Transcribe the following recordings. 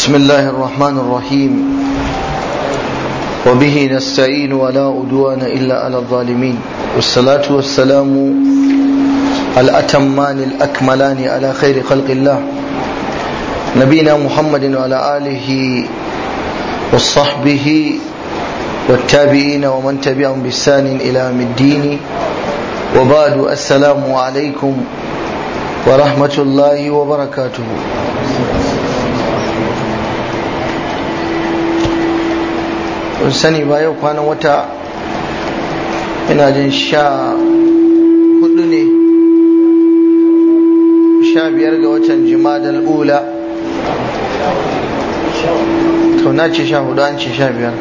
بسم الله الرحمن الرحيم وبه نستعين ولا أدوان إلا على الظالمين والصلاة والسلام الأتمان الأكملان على خير خلق الله نبينا محمد وعلى آله وصحبه والتابعين ومن تبعهم بإحسان إلى يوم الدين وبعد السلام عليكم ورحمة الله وبركاته kun sani ba yau kwanan wata ina jin sha hudu ne sha biyar ga watan jimadal ula to na ce sha hudu an ce sha biyar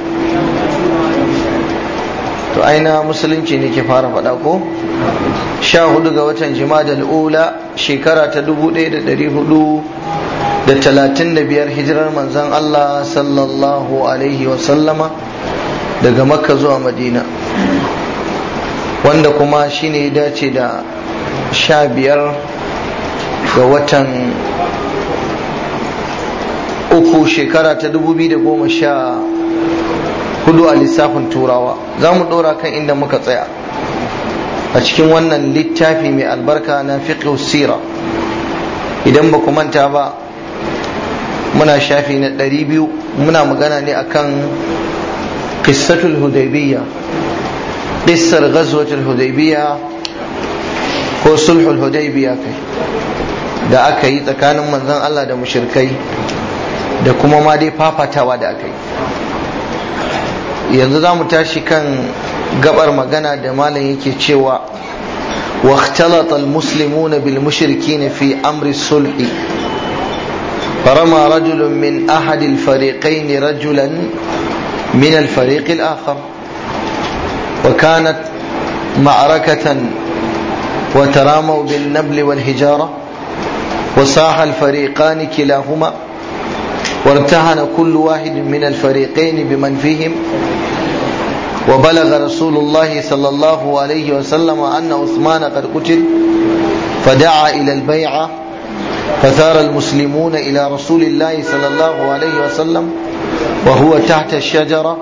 to aina musulunci ne ke fara faɗa ko sha hudu ga watan jimadal ula shekara ta dubu ɗaya da ɗari hudu da talatin da biyar hijirar manzan Allah sallallahu alaihi wasallama daga makka zuwa madina wanda kuma shine ya dace da sha biyar ga watan uku shekara ta dubu biyu da goma sha hudu a lissafin turawa za mu ɗora kan inda muka tsaya a cikin wannan littafi mai albarka na fiqh sira idan ba ku manta ba muna shafi na ɗari biyu muna magana ne akan قصة الهديبية قصة غزوة الهديبية ko sulhul hudaybiya da aka yi tsakanin manzon Allah da mushrikai da kuma ma dai fafatawa da aka yi yanzu za mu tashi kan gaɓar magana da malam yake cewa wa ikhtalata almuslimuna bil mushrikin fi amri sulhi Farama فرمى رجل من fariƙai الفريقين رجلا من الفريق الآخر وكانت معركة وتراموا بالنبل والهجارة وصاح الفريقان كلاهما وارتهن كل واحد من الفريقين بمن فيهم وبلغ رسول الله صلى الله عليه وسلم أن عثمان قد قتل فدعا إلى البيعة فثار المسلمون إلى رسول الله صلى الله عليه وسلم وهو تحت الشجرة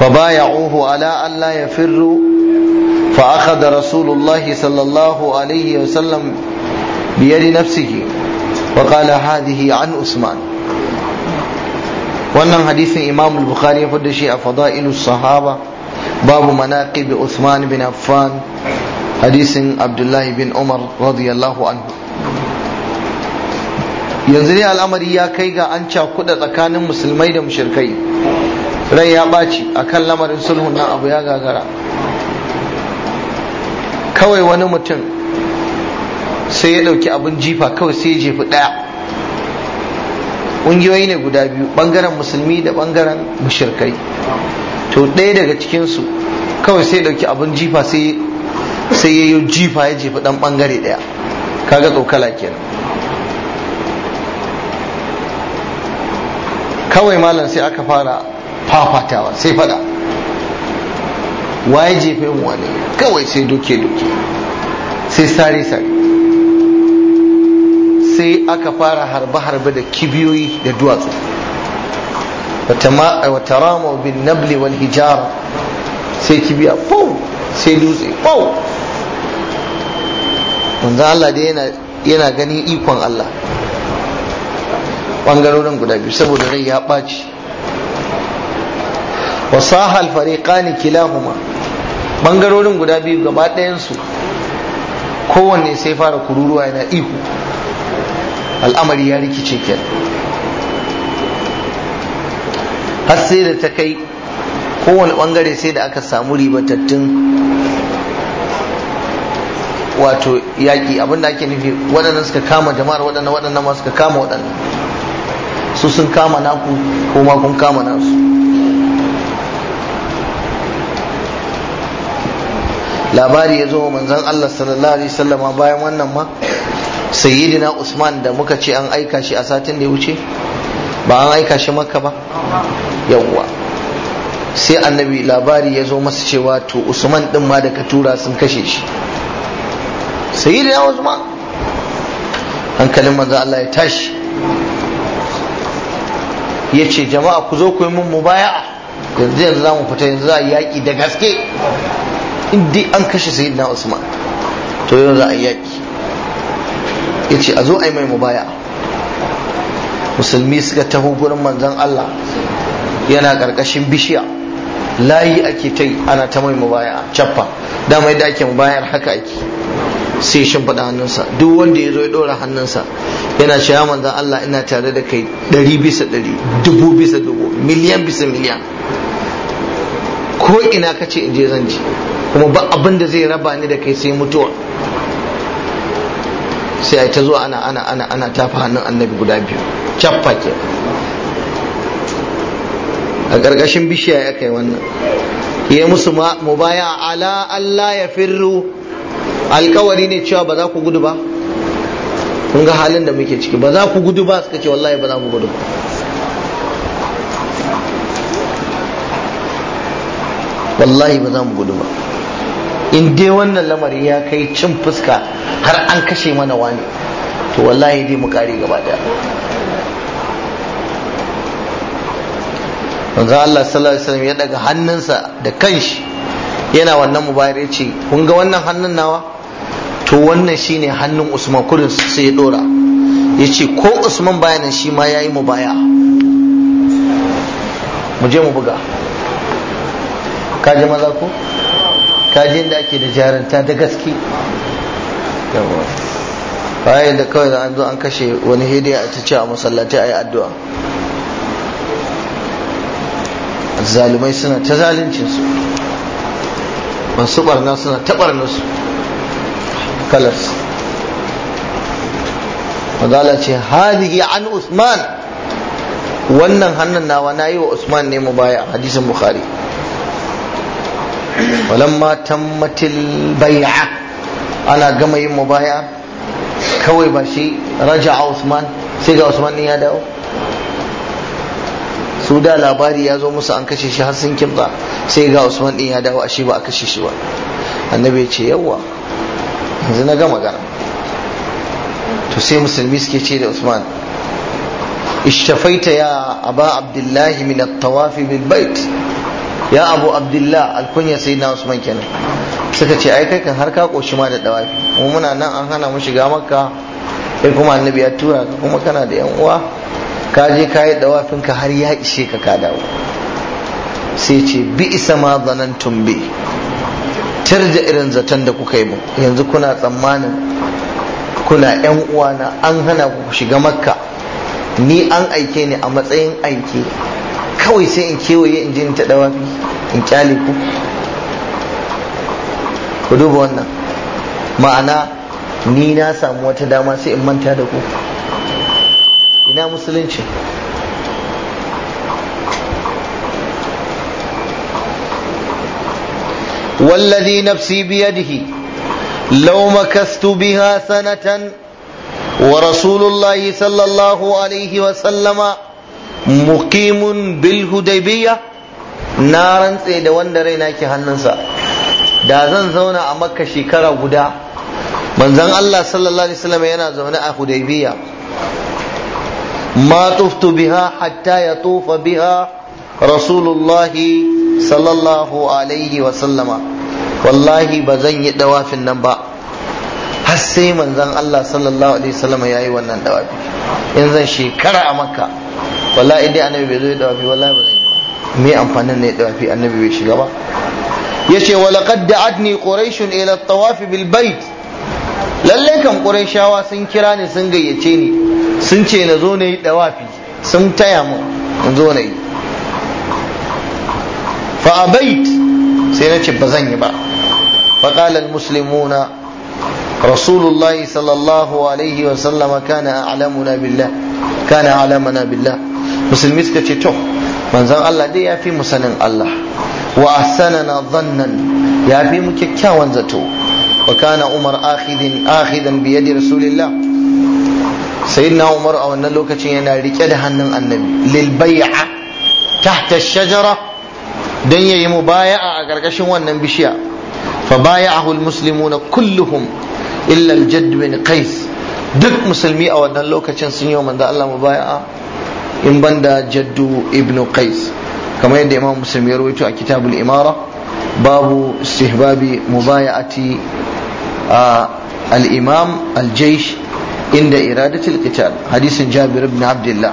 فبايعوه على أن لا يفروا فأخذ رسول الله صلى الله عليه وسلم بيد نفسه وقال هذه عن عثمان wannan hadisin imam bukhari ya fada shi a fada'ilu sahaba babu manaqib Uthman bin Affan hadisin abdullahi bin Umar radiyallahu anhu yanzu ne al'amari ya kai ga an cakuɗa tsakanin musulmai da mushirkai rai ya ɓaci a kan lamarin sulhun nan abu ya gagara kawai wani mutum sai ya ɗauki abin jifa kawai sai ya jefi ɗaya ƙungiyoyi ne guda biyu ɓangaren musulmi da ɓangaren mushirkai to ɗaya daga cikinsu kawai sai ya ɗauki abin jifa sai ya yi jifa ya jefi ɗan ɓangare ɗaya kaga tsokala kenan kawai malam sai aka fara fafatawa sai fada waye jefe wani kawai sai duke duke sai sare sai aka fara harbe harbe da kibiyoyi da duwatsu wata rama bin nabli wal hijara sai kibiya fau sai dutse fau manzo Allah dai yana ganin ikon Allah Bangarorin guda biyu saboda rai ya ɓaci wasaha alfariqani kilahuma Bangarorin guda biyu gaba ɗayansu kowanne sai fara kururuwa yana ihu al'amari ya rikice kenan har sai da ta kai kowane ɓangare sai da aka samu ribatattun wato yaƙi abinda ake nufi waɗannan suka kama jama'ar waɗannan waɗannan ma suka kama waɗannan su sun kama naku kuma kun kama nasu labari ya zo manzan Allah sallallahu alaihi wasallama bayan wannan ma sayyidina Usman da muka ce an aika shi a satin da ya wuce ba an aika shi makka ba yawwa sai annabi labari ya zo masa cewa to Usman din ma da ka tura sun kashe shi sayyidina Usman hankalin manzan Allah ya tashi ya ce jama'a ku zo ku yi mun mubaya yanzu yanzu za mu fita yanzu za a yaƙi da gaske Indi an kashe sayyidina usman to yau za a yaƙi ya ce a zo a yi mai mubaya musulmi suka taho gurin manzan Allah yana ƙarƙashin bishiya layi ake ta ana ta mai mubaya cappa dama yadda ake mubayar haka ake sai shimfiɗa hannunsa duk wanda ya zo ya ɗora hannunsa yana cewa ya manzan Allah ina tare da kai ɗari bisa ɗari dubu bisa dubu miliyan bisa miliyan ko ina ka ce in je zan je kuma ba abin da zai raba ni da kai sai mutuwa sai a ta zo ana ana ana ana tafa hannun annabi guda biyu cappa ke a ƙarƙashin bishiya ya kai wannan ya musu mubaya ala Allah ya firru alkawari ne cewa ba za ku gudu ba kun ga halin da muke ciki ba za ku gudu ba suka ce wallahi ba za mu gudu wallahi ba za mu gudu ba in dai wannan lamari ya kai cin fuska har an kashe mana wani to wallahi dai mu kare gaba daya manzo Allah sallallahu alaihi wasallam ya daga hannunsa da kanshi yana wannan mubayar ya ce kun ga wannan hannun nawa to wannan shine hannun usman kudin sai ya dora ya ce ko usman bayanan shi ma ya yi mu baya mu je mu buga kaji maza ko kaji inda ake da jaranta da gaske bayan da kawai an zo an kashe wani hidiya ta ce a masallaci a yi addu'a Zalimai suna ta zalincinsu masu barna suna ta barna su kalarsa ce hadihi an usman wannan hannun nawa na yi wa usman ne mu baya hadisin bukhari matan tammatil baya ana gama yin mubaya kawai ba shi a usman sai ga usman ya dawo su da labari ya zo musu an kashe shi har sun kimta sai ga usman ɗin ya dawo shi ba a kashe shi ba annabi ya ce yawwa. yanzu na gama gana to sai musulmi suke ce da usman ishtafaita ya abu abdullahi min tawafi bil bait ya abu abdullah alkunya sai na usman kenan suka ce ai kai kan har ka koshi ma da dawafi mu muna nan an hana mu shiga makka sai kuma annabi ya tura ka kuma kana da yan uwa ka je ka yi dawafin ka har ya ishe ka ka dawo sai ce bi isa ma zanantum bi fitar da irin zaton da kuka yi mu yanzu kuna tsammanin kuna yan uwana an hana ku shiga makka ni an aike ni a matsayin aike kawai sai in kewaye in je in ta dawafi in kyale ku ku duba wannan ma'ana ni na samu wata dama sai in manta da ku ina musulunci والذي نفسي بيده لو مكثت بها سنة ورسول الله صلى الله عليه وسلم مقيم بالهديبية نارا سيد وندرينا كهننسا da zan zauna a makka shekara guda manzon Allah sallallahu alaihi wasallam yana zaune a Hudaybiya ma tuftu biha hatta yatufa biha rasulullahi sallallahu alaihi wa sallama wallahi ba zan yi dawafin nan ba har sai manzan Allah sallallahu alaihi ya yi wannan dawafi in zan shekara a makka wallahi dai annabi bai zo ya dawafi wallahi ba zan yi ba me amfanin ne dawafi annabi bai shiga ba yace wa laqad da'atni quraish ila at-tawaf bil bait lalle kan qurayshawa sun kira ni sun gayyace ni sun ce na zo na yi dawafi sun taya mu in zo na yi fa a abait sai na ce ba zan yi ba fa qala al sallallahu alaihi wa sallama kana a'lamuna billah kana a'lamana billah musulmi suka ce to manzon Allah dai ya fi mu sanin Allah wa ahsanana dhannan ya fi mu kyakkyawan zato wa kana umar akhidin akhidan bi yadi rasulillah sayyidina umar a wannan lokacin yana rike da hannun annabi lil bay'a tahta shajara don yayi yi mu baya a ƙarƙashin wannan bishiya fa baya ahul na kulluhum illa aljad qais duk musulmi a wannan lokacin sun yi manzo Allah mu baya in banda jaddu Ibnu qais kamar yadda imam muslim ya rawaito a kitabul imara babu istihbabi mubaya'ati al-imam al-jaysh inda iradatul qital hadisin jabir ibn abdullah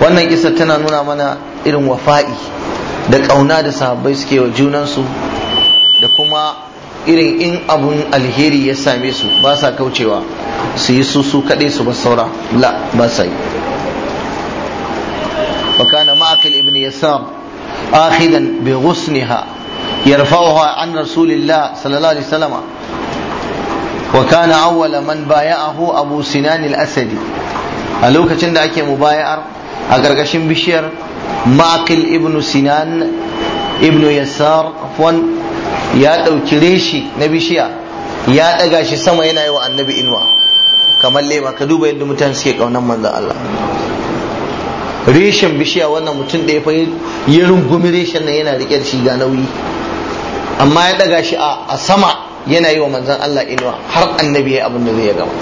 wannan kisa tana nuna mana irin wafa'i da ƙauna da sahabbai suke wa junansu da kuma irin in abun alheri ya same su basa sa kaucewa su yi susu kaɗai su ba saura la ba sa wakana ma'akal ibn yasar akhidan bi ghusniha yarfa'uha an rasulillah sallallahu alaihi wasallam wa kana awwala man baya'ahu abu sinan asadi a lokacin da ake mubaya'ar a gargashin bishiyar makil Ibn sinan Ibn yasar fon ya ɗauki reshi na bishiya ya ɗaga shi sama yana yi wa annabi inuwa kamar lema ka duba yadda mutane suke ƙaunar manzan Allah reshen bishiya wannan mutum da ya fa ya rungumi reshen nan yana riƙe shi ga nauyi amma ya ɗaga shi a sama yana yi wa manzan Allah inuwa har annabi ya abin da zai ya gama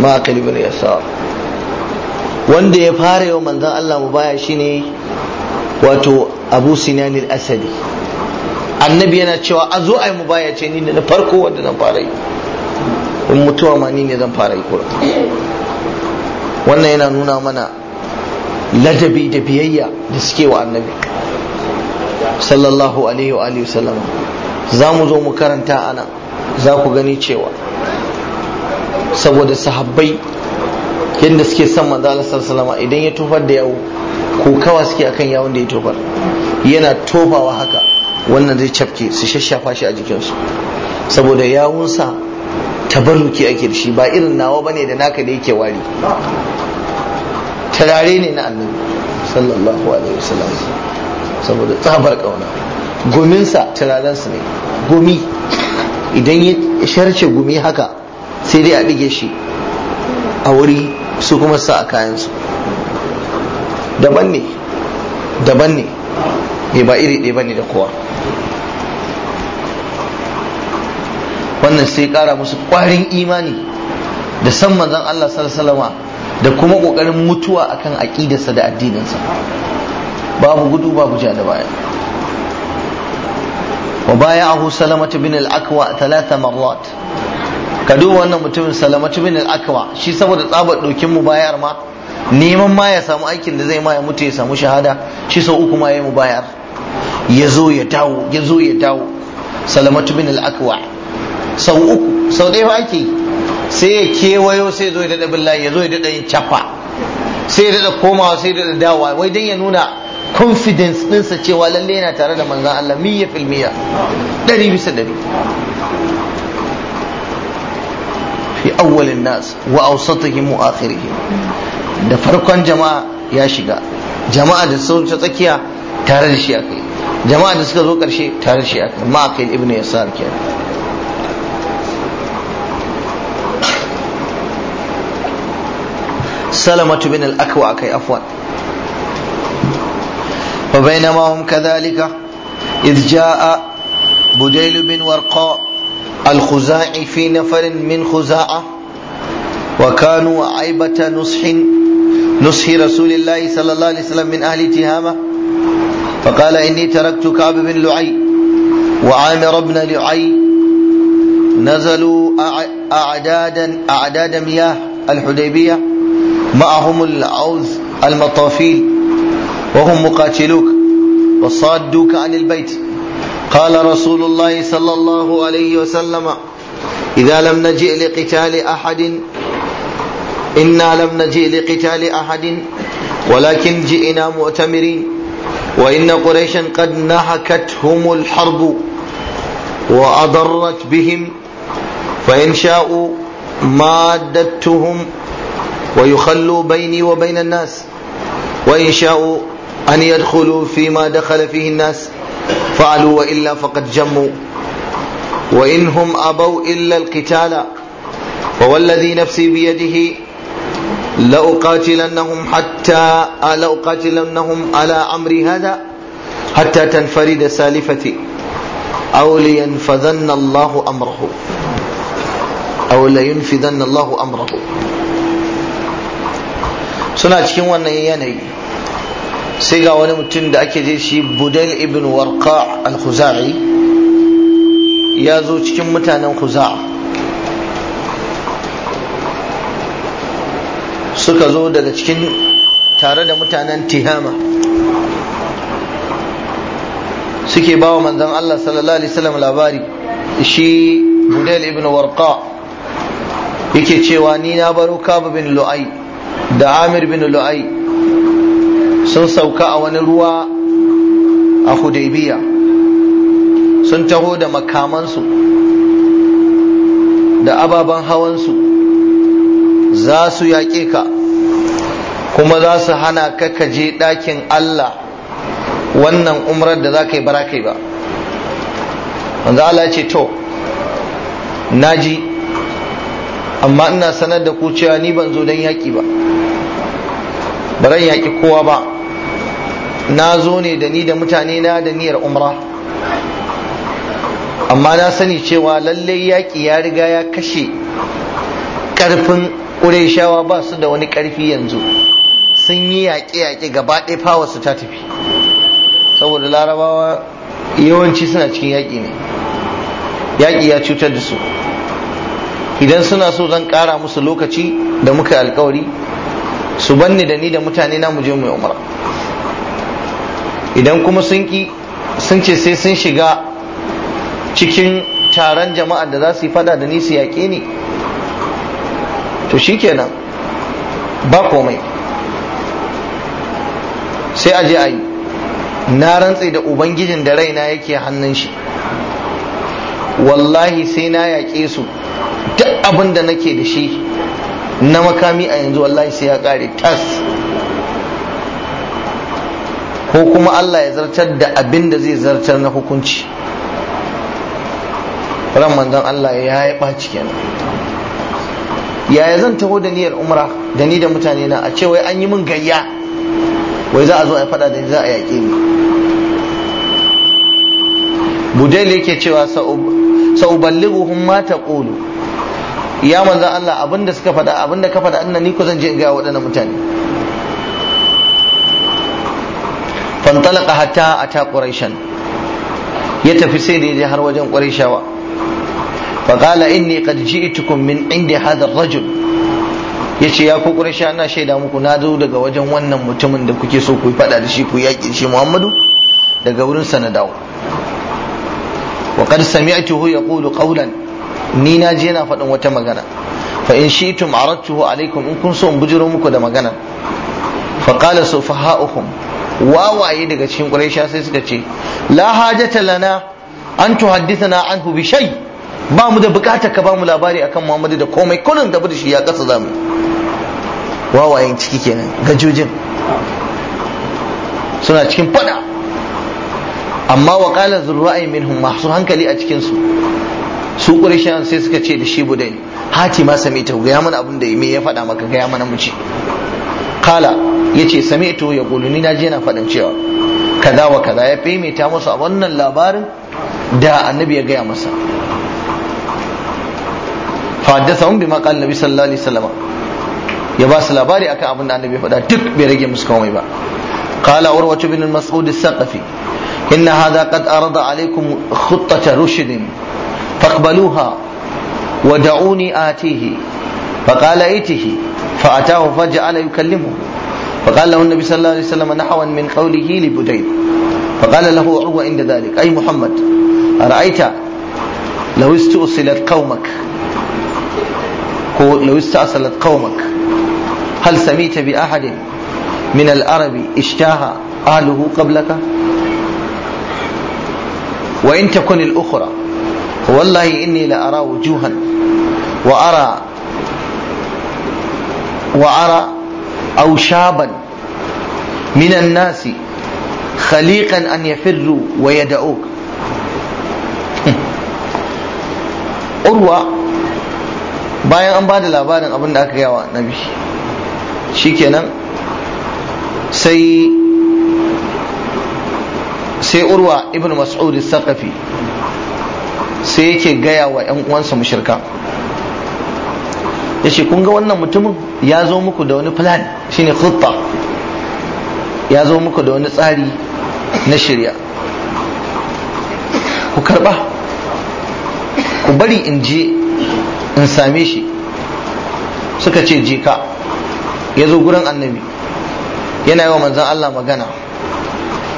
ma kalibin yasar wanda ya fara yau manzon Allah mu baya shine wato Abu Sinan asali. annabi yana cewa a zo ai mu baya ce ni na farko wanda zan fara yi in mutuwa ma ni ne zan fara yi kura wannan yana nuna mana ladabi da biyayya da suke wa annabi sallallahu alaihi wa alihi wasallam za mu zo mu karanta ana za ku gani cewa saboda sahabbai yadda suke son manzo Allah sallallahu alaihi idan ya tofar da yawo ko kawa suke akan yawon da ya tofar yana tofawa haka wannan zai cafke su shashafa shi a jikinsu saboda yawunsa tabarruki ake da shi ba irin nawa bane da naka da yake wari tarare ne na annabi sallallahu alaihi wasallam saboda tsabar kauna gominsa su ne gumi idan ya sharce gumi haka sai dai a dige shi a wuri su kuma sa a kayansu daban ne daban ne ne eh, ba iri ɗaya ne da kowa wannan sai ƙara musu ƙwarin imani da san manzan Allah sallallahu da kuma ƙoƙarin mutuwa akan aƙidarsa da addininsa babu gudu babu ja da baya baya وبايعه bin al akwa talata marwat ka duba wannan mutumin salamatu bin al-akwa shi saboda tsabar dokin mu bayar ma neman ma ya samu aikin da zai ma ya mutu ya samu shahada shi sau uku ma ya mu bayar ya zo ya dawo ya zo ya dawo salamatu bin al-akwa sau uku sau ɗaya fa ake sai ya kewayo sai ya zo ya daɗa billahi ya zo ya daɗa yin cafa sai ya daɗa komawa sai ya daɗa dawowa wai dan ya nuna confidence ɗinsa cewa lalle yana tare da manzan Allah miya filmiya ɗari bisa ɗari في أول الناس وأوسطهم وآخرهم ده فرقا جماعة يا شقا جماعة دستون شتكيا تارد شياكي جماعة دستون كرشي شي تارد شياكي ما قيل ابن يسار كيا سلامة بن الأكوع كي أفوا وبينما هم كذلك إذ جاء بديل بن ورقاء الخزاعي في نفر من خزاعة وكانوا عيبة نصح نصح رسول الله صلى الله عليه وسلم من أهل تهامة فقال إني تركت كعب بن لعي وعامر بن لعي نزلوا أعدادا أعداد مياه الحديبية معهم العوز المطافيل وهم مقاتلوك وصادوك عن البيت قال رسول الله صلى الله عليه وسلم إذا لم نجئ لقتال أحد إنا لم نجئ لقتال أحد ولكن جئنا مؤتمرين وإن قريشا قد نهكتهم الحرب وأضرت بهم فإن شاءوا مادتهم ويخلوا بيني وبين الناس وإن شاءوا أن يدخلوا فيما دخل فيه الناس فعلوا وإلا فقد جموا وإنهم أبوا إلا القتال ووالذي نفسي بيده لأقاتلنهم حتى لأقاتلنهم على أمر هذا حتى تنفرد سالفتي أو لينفذن الله أمره أو لينفذن الله أمره suna cikin wannan yanayi sai ga wani mutum da ake je shi Budel ibn warqa al-khuzai ya zo cikin mutanen khuza suka zo daga cikin tare da mutanen tihama suke ba wa manzan Allah sallallahu alaihi wasallam labari shi budayl ibn warqa yake cewa ni na baro kabu bin lu'ai da amir bin lu'ai sun sauka a wani ruwa a hudaybiya sun taho da makamansu da ababen hawansu za su yaƙe ka kuma za su hana ka kaje ɗakin Allah wannan umrar da za ka yi bara kai ba wanda Allah ce to naji amma ina sanar da ku cewa ni ban zo don yaƙi ba baran yaƙi kowa ba na zo ne da ni da mutane na da niyyar umra amma na sani cewa lallai yaƙi ya riga ya kashe ƙarfin ƙureshawa ba su da wani ƙarfi yanzu sun yi yaƙe-yaƙe gaba ɗaya fawa su ta tafi saboda larabawa yawanci suna cikin yaƙi ne yaƙi ya cutar da su idan suna so zan ƙara musu lokaci da muka alkawari su banni da ni da mutane na mu je mu umra idan kuma sun ki sun ce sai sun shiga cikin taron jama'a da za su yi fada da ni su yaƙe ne? to shikenan ba komai sai a je a yi na rantse da ubangijin da raina yake hannun shi wallahi sai na yaƙe su duk abin da nake da shi na makami a yanzu wallahi sai ya ƙare tas ko kuma Allah ya zartar da abin da zai zartar na hukunci ran manzon Allah ya yi ɓaci kenan yaya zan taho da niyyar umra da ni da mutane na a ce wai an yi min gayya wai za a zo a faɗa da za a yaƙe ni budail yake cewa sa'uballighuhum ma taqulu ya manzon Allah abinda suka faɗa abinda ka faɗa annan ni ko zan je in ga waɗannan mutane fantalaka hatta ata quraishan ya tafi sai da je har wajen quraishawa fa qala inni qad ji'tukum min indi hadha ar-rajul yace ya ku quraisha ina shaida muku na zo daga wajen wannan mutumin da kuke so ku yi fada da shi ku yaki shi Muhammadu daga wurin sa na dawo wa qad sami'tuhu yaqulu qawlan ni na je yana faɗin wata magana fa in shi'tum aradtuhu alaikum in kun so in bujiro muku da magana fa qala sufaha'ukum wawaye daga cikin quraisha sai suka ce la hajata lana an tuhaddithana anhu bi shay ba mu da bukatar ka ba mu labari akan muhammadu da komai kullun da shi ya kasa zamu wawayen ciki kenan gajojin suna cikin fada amma wa qala zurra'i minhum mahsu hankali a cikin su su sai suka ce da shi budai hati ma sami ta ga mana abin da me ya faɗa maka ga mana mu qala yace sami'tu yaqulu ni je na faɗin cewa kaza wa kaza ya maimaita musu a wannan labarin da annabi ya gaya masa Fa fahaddathahum bima qala nabi sallallahu alaihi wasallam ya ba su labari akan abin da annabi ya faɗa duk bai rage musu komai ba qala urwatu bin mas'ud as-saqafi inna hadha qad arada alaykum khuttata rushdin faqbaluha ودعوني آتيه فقال ائته فأتاه فجعل يكلمه فقال له النبي صلى الله عليه وسلم نحوا من قوله لبديل فقال له عروة عند ذلك أي محمد أرأيت لو استؤصلت قومك لو استأصلت قومك هل سميت بأحد من العرب اشتاها أهله قبلك وإن تكن الأخرى والله إني لأرى وجوها وأرى وأرى أو شابا من الناس خليقا أن يفروا ويدعوك urwa bayan an ba da labarin abin da aka yawa nabi shikenan sai sai urwa ibn mas'ud saqafi sai yake gaya wa 'yan uwansa mushrika Yashe kun ga wannan mutumin ya zo muku da wani plan shine khutta ya zo muku da wani tsari na shirya ku karba ku bari in je in same shi suka ce je ka ya zo gurin annabi yana yi wa manzan Allah magana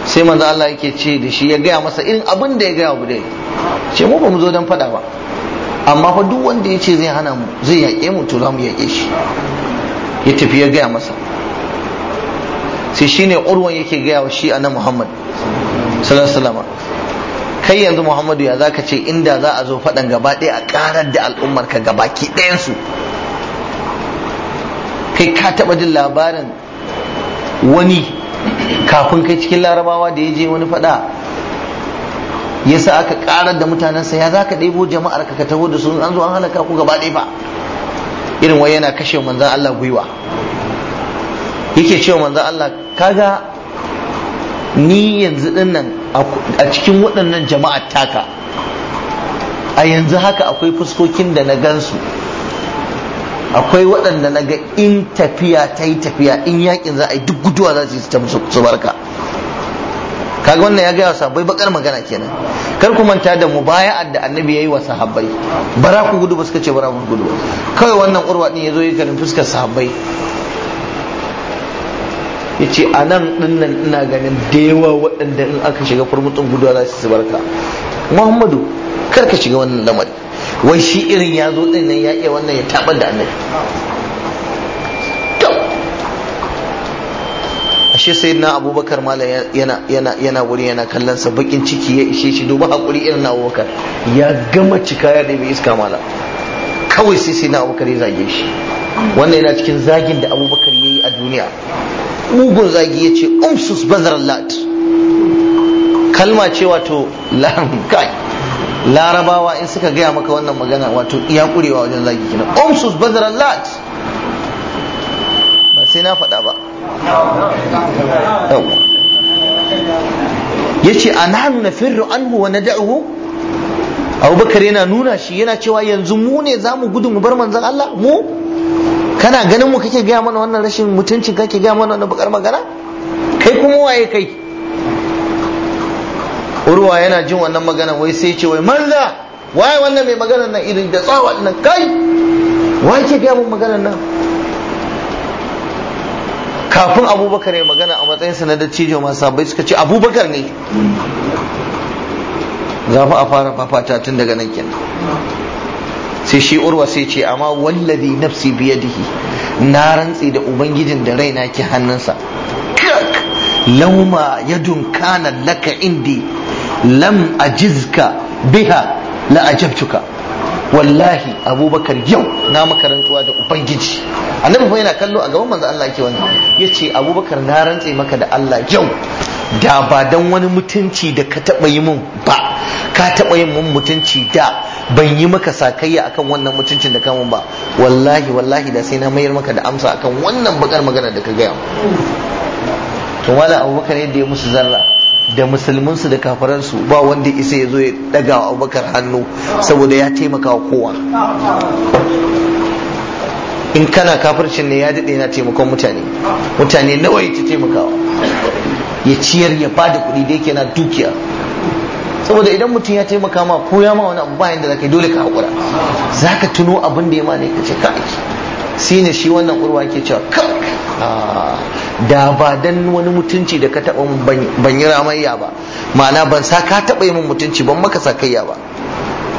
sai manzan Allah yake ce da shi ya gaya masa irin abin da ya gaya wa ce mu ba mu zo don faɗa ba amma fa duk wanda ya ce zai hana mu zai yaƙe mu to za mu yaƙe shi ya tafi ya gaya masa sai shine urwan yake gaya wa shi ana Muhammad salasalama. kai yanzu Muhammadu ya zaka ce inda za a zo faɗan gaba ɗaya a ƙarar da al'ummar ka gabaki ɗayansu? kai ka taɓa jin labarin wani kafin kai cikin larabawa da ya je wani faɗa yasa aka karar da mutanensa ya zaka ɗebo jama'ar ka taho da su an zo an halaka ku gaba ɗaya fa irin wai yana kashe manzon Allah gwiwa yake cewa manzon Allah kaga ni yanzu din nan a cikin waɗannan jama'ar taka a yanzu haka akwai fuskokin da na gansu akwai waɗanda na ga in tafiya ta yi tafiya in yakin za a yi duk guduwa za su yi su barka kaga wannan ya ga wa sahabbai bakar magana kenan kar ku manta da mubaya'ar da annabi yayi wa sahabbai bara ku gudu ba suka ce bara ku gudu kawai wannan urwa din yazo yi garin fuskar sahabbai yace a nan dinnan ina ganin da yawa waɗanda in aka shiga furmutun guduwa za su barka muhammadu kar ka shiga wannan lamari wai shi irin yazo zo din nan ya iya wannan ya tabar da annabi ashe na abubakar malam yana yana yana wuri yana kallon sa bakin ciki ya ishe shi duba hakuri irin na abubakar ya gama cika ya da iska mala kawai sai na abubakar ya zage shi wannan yana cikin zagin da abubakar ya yi a duniya mugun zagi ya ce umsus bazar lat kalma ce wato kai larabawa in suka gaya maka wannan magana wato iya kurewa wajen zagi kina umsus bazar lat ba sai na faɗa ba yawa na firru an huwa na da'uhu Abubakar yana nuna shi yana cewa yanzu mu ne za mu gudu mu bar manzan Allah mu kana ganin mu kake gaya mana wannan rashin mutuncin kake gaya mana wannan bakar magana kai kuma waye kai urwa yana jin wannan magana wai sai ce wai manza waye wannan mai maganar nan irin da tsawa nan kai waye ke gaya mun maganar nan kafin abubakar ya magana a matsayinsa na dattijo masu sabai suka ce abubakar ne za a fara fafata tun daga nan kenan sai shi urwa sai ce amma wallazi nafsi biyadihi na rantsi da ubangijin da raina ke hannunsa lauma ya dunkana laka indi lam ajizka biha la wallahi abubakar yau na maka rantsuwa da ubangiji annabi fa yana kallo a gaban manzo Allah yake wannan yace abubakar na rantse maka da Allah yau da ba dan wani mutunci da ka taba yi mun ba ka taba yin mun mutunci da ban yi maka sakayya akan wannan mutuncin da ka mun ba wallahi wallahi da sai na mayar maka da amsa akan wannan bakar magana da ka gaya to wala abubakar yadda ya musu zarra da musulminsu da kafaransu ba wanda isa ya zo ya daga wa abubakar hannu saboda ya taimaka wa kowa in kana kafircin ne ya daɗe yana taimakon mutane mutane nawa ya ta taimakawa ya ciyar ya bada kuɗi da yake na dukiya saboda idan mutum ya taimaka ma ko ya ma wani abu bayan da zaka dole ka haƙura zaka tuno abin da ya ma ne ka ce ka aiki shine shi wannan urwa yake cewa ah, da ba dan wani mutunci da ka taba ban yi ramayya ba ma'ana ban sa ka taba yi min mutunci ban maka sakayya ba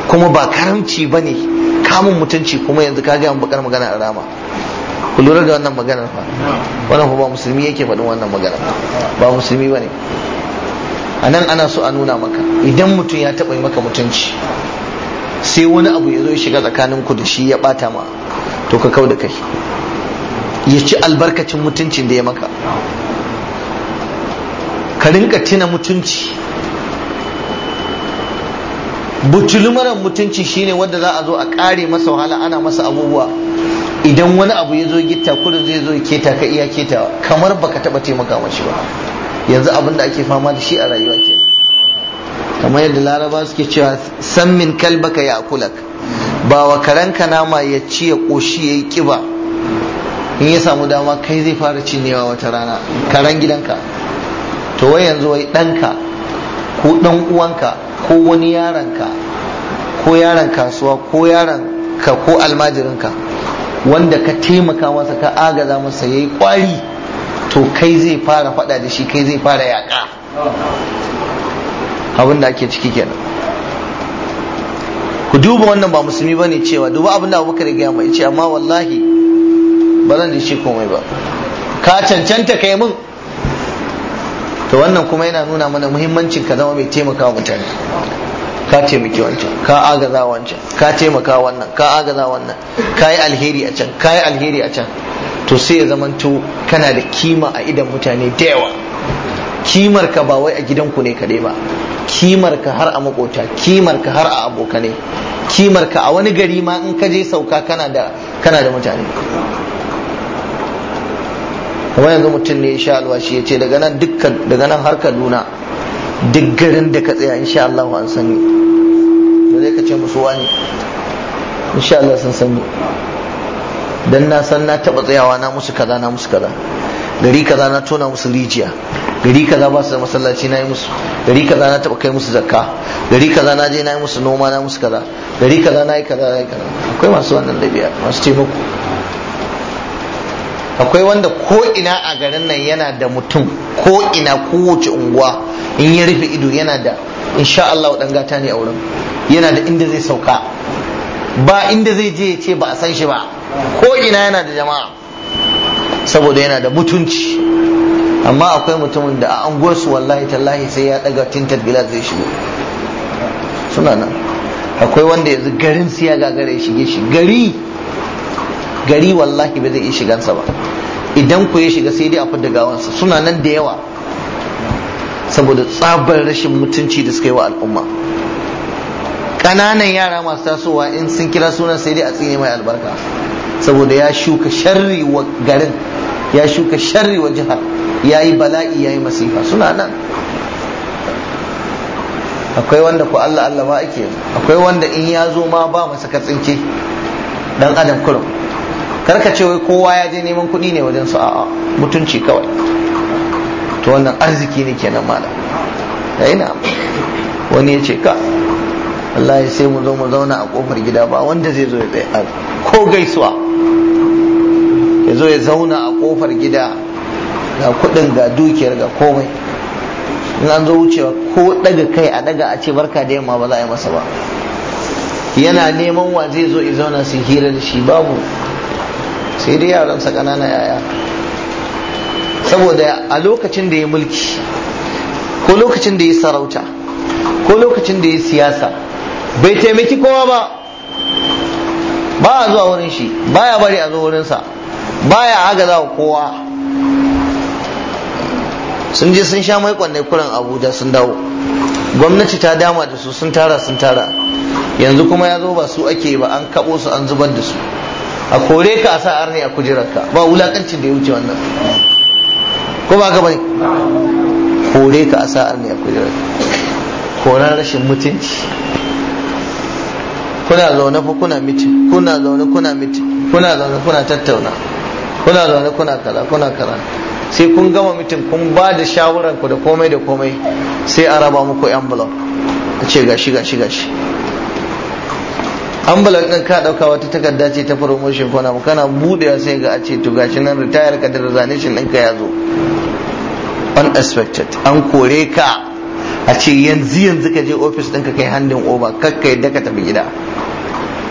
kuma ba karamci ba ne kamun mutunci kuma yanzu ka gaya bakar magana a rama ku lura da wannan maganar fa wannan ba musulmi yake faɗin wannan magana. ba musulmi ba ne a nan ana so a nuna maka idan mutum ya taɓa maka mutunci sai wani abu ya zo ya shiga tsakanin ku da shi ya ɓata ma to ka kau da kai ya ci albarkacin mutuncin da ya maka ka rinka tina mutunci butulmaran mutunci shine wanda za a zo a kare masa wahala ana masa abubuwa idan wani abu ya zo gitta kudin zai zo keta ka iya keta kamar baka taba taimaka mashi ba yanzu abin ake fama da shi a rayuwa kenan kamar yadda laraba suke cewa san min kalbaka ya kulak. ba wa karanka nama ya ci ya ƙoshi ya yi ƙiba in ya samu dama kai zai fara cinyewa wata rana karen gidanka to wai yanzu wai ɗanka ko ɗan uwanka ko wani yaranka ko yaran kasuwa ko yaran ka ko almajirinka wanda ka taimaka masa ka agaza masa ya yi ƙwari to kai zai fara faɗa da shi kai zai fara yaƙa abin da ake ciki kenan ku duba wannan ba musulmi bane cewa duba abin da abubakar ya gaya mai ce amma wallahi ba zan dace komai ba ka cancanta kai mun to wannan kuma yana nuna mana muhimmancin ka zama mai taimaka mutane ka taimaki wancan ka agaza wancan ka taimaka wannan ka agaza wannan ka yi alheri a can ka yi alheri a can to sai ya zamanto kana da kima a idan mutane da yawa kimar ka ba wai a gidanku ne kaɗai ba kimar ka har a makota kimar ka har a abokane kimar ka a wani gari ma in ka je sauka kana da kana da mutane kuma yanzu mutum ne insha Allah shi yace daga nan dukkan daga nan har Kaduna duk garin da ka tsaya insha Allah an sani to zai ka ce musu wani insha Allah sun sani dan na san na taba tsayawa na musu kaza na musu kaza gari kaza na tona musu rijiya gari kaza ba su da masallaci na yi musu gari kaza na taba kai musu zakka gari kaza na je na yi musu noma na musu kaza gari kaza na yi kaza na yi kaza akwai masu wannan dabi'a masu taimako akwai wanda ko ina a garin nan yana da mutum ko ina kowace unguwa in ya rufe ido yana da insha Allah dan gata ne a wurin yana da inda zai sauka ba inda zai je ya ce ba a san shi ba ko ina yana da jama'a saboda yana da mutunci amma akwai mutumin da a anguwarsu wallahi tallahi sai ya daga tintar gilas zai shigo suna nan akwai wanda yanzu garin su ya gagara ya shige shi gari gari wallahi ba zai iya shigansa ba idan ku ya shiga sai dai a fidda gawansa suna nan da yawa saboda tsabar rashin mutunci da suka yi wa al'umma ƙananan yara masu tasowa in sun kira sunan sai dai a tsine mai albarka saboda ya shuka sharri wa garin ya shuka sharri wa jihar ya yi bala'i ya yi masifa suna nan akwai wanda ku Allah Allah ma ake akwai wanda in ya zo ma ba masa katsinke dan adam kurum karka ce wai kowa ya je neman kuɗi ne wajen su a'a mutunci kawai to wannan arziki ne kenan malam yayi na wani ya ce ka Allah ya sai mu zo mu zauna a kofar gida ba wanda zai zo ya tsaya ko gaisuwa ya zo ya zauna a kofar gida ga kudin ga dukiyar ga komai in an zo wucewa ko daga kai a daga a ce barka da yamma ba za a yi masa ba yana neman wa zai zo ya zauna su hira da shi babu sai dai sa kanana yaya saboda a lokacin da ya mulki ko lokacin da ya sarauta ko lokacin da ya siyasa bai taimaki kowa ba ba a zuwa wurin shi baya bari a zo wurinsa baya agaza wa kowa sun je sun sha mai kwanne kuran abuja sun dawo gwamnati ta dama da su sun tara sun tara yanzu kuma ya zo ba su ake ba an kabo su an zubar da su a kore ka a sa arni a ka ba wulakancin da ya wuce wannan ko ba gaba ne kore ka a sa arni a kujerarka koran rashin mutunci kuna zaune kuna mitin kuna zaune kuna mitin kuna zaune kuna tattauna kuna zaune kuna kaza kuna kaza sai kun gama mitin kun ba da shawaran ku da komai da komai sai a raba muku envelope a ce gashi gashi gashi envelope din ka dauka wata takarda ce ta promotion kuna mu kana budewa sai ga a ce to gashi nan retire ka da resignation ɗinka ya zo unexpected an kore ka a ce yanzu yanzu ka je ofis ɗinka kai handin oba kakkai yadda ka tafi gida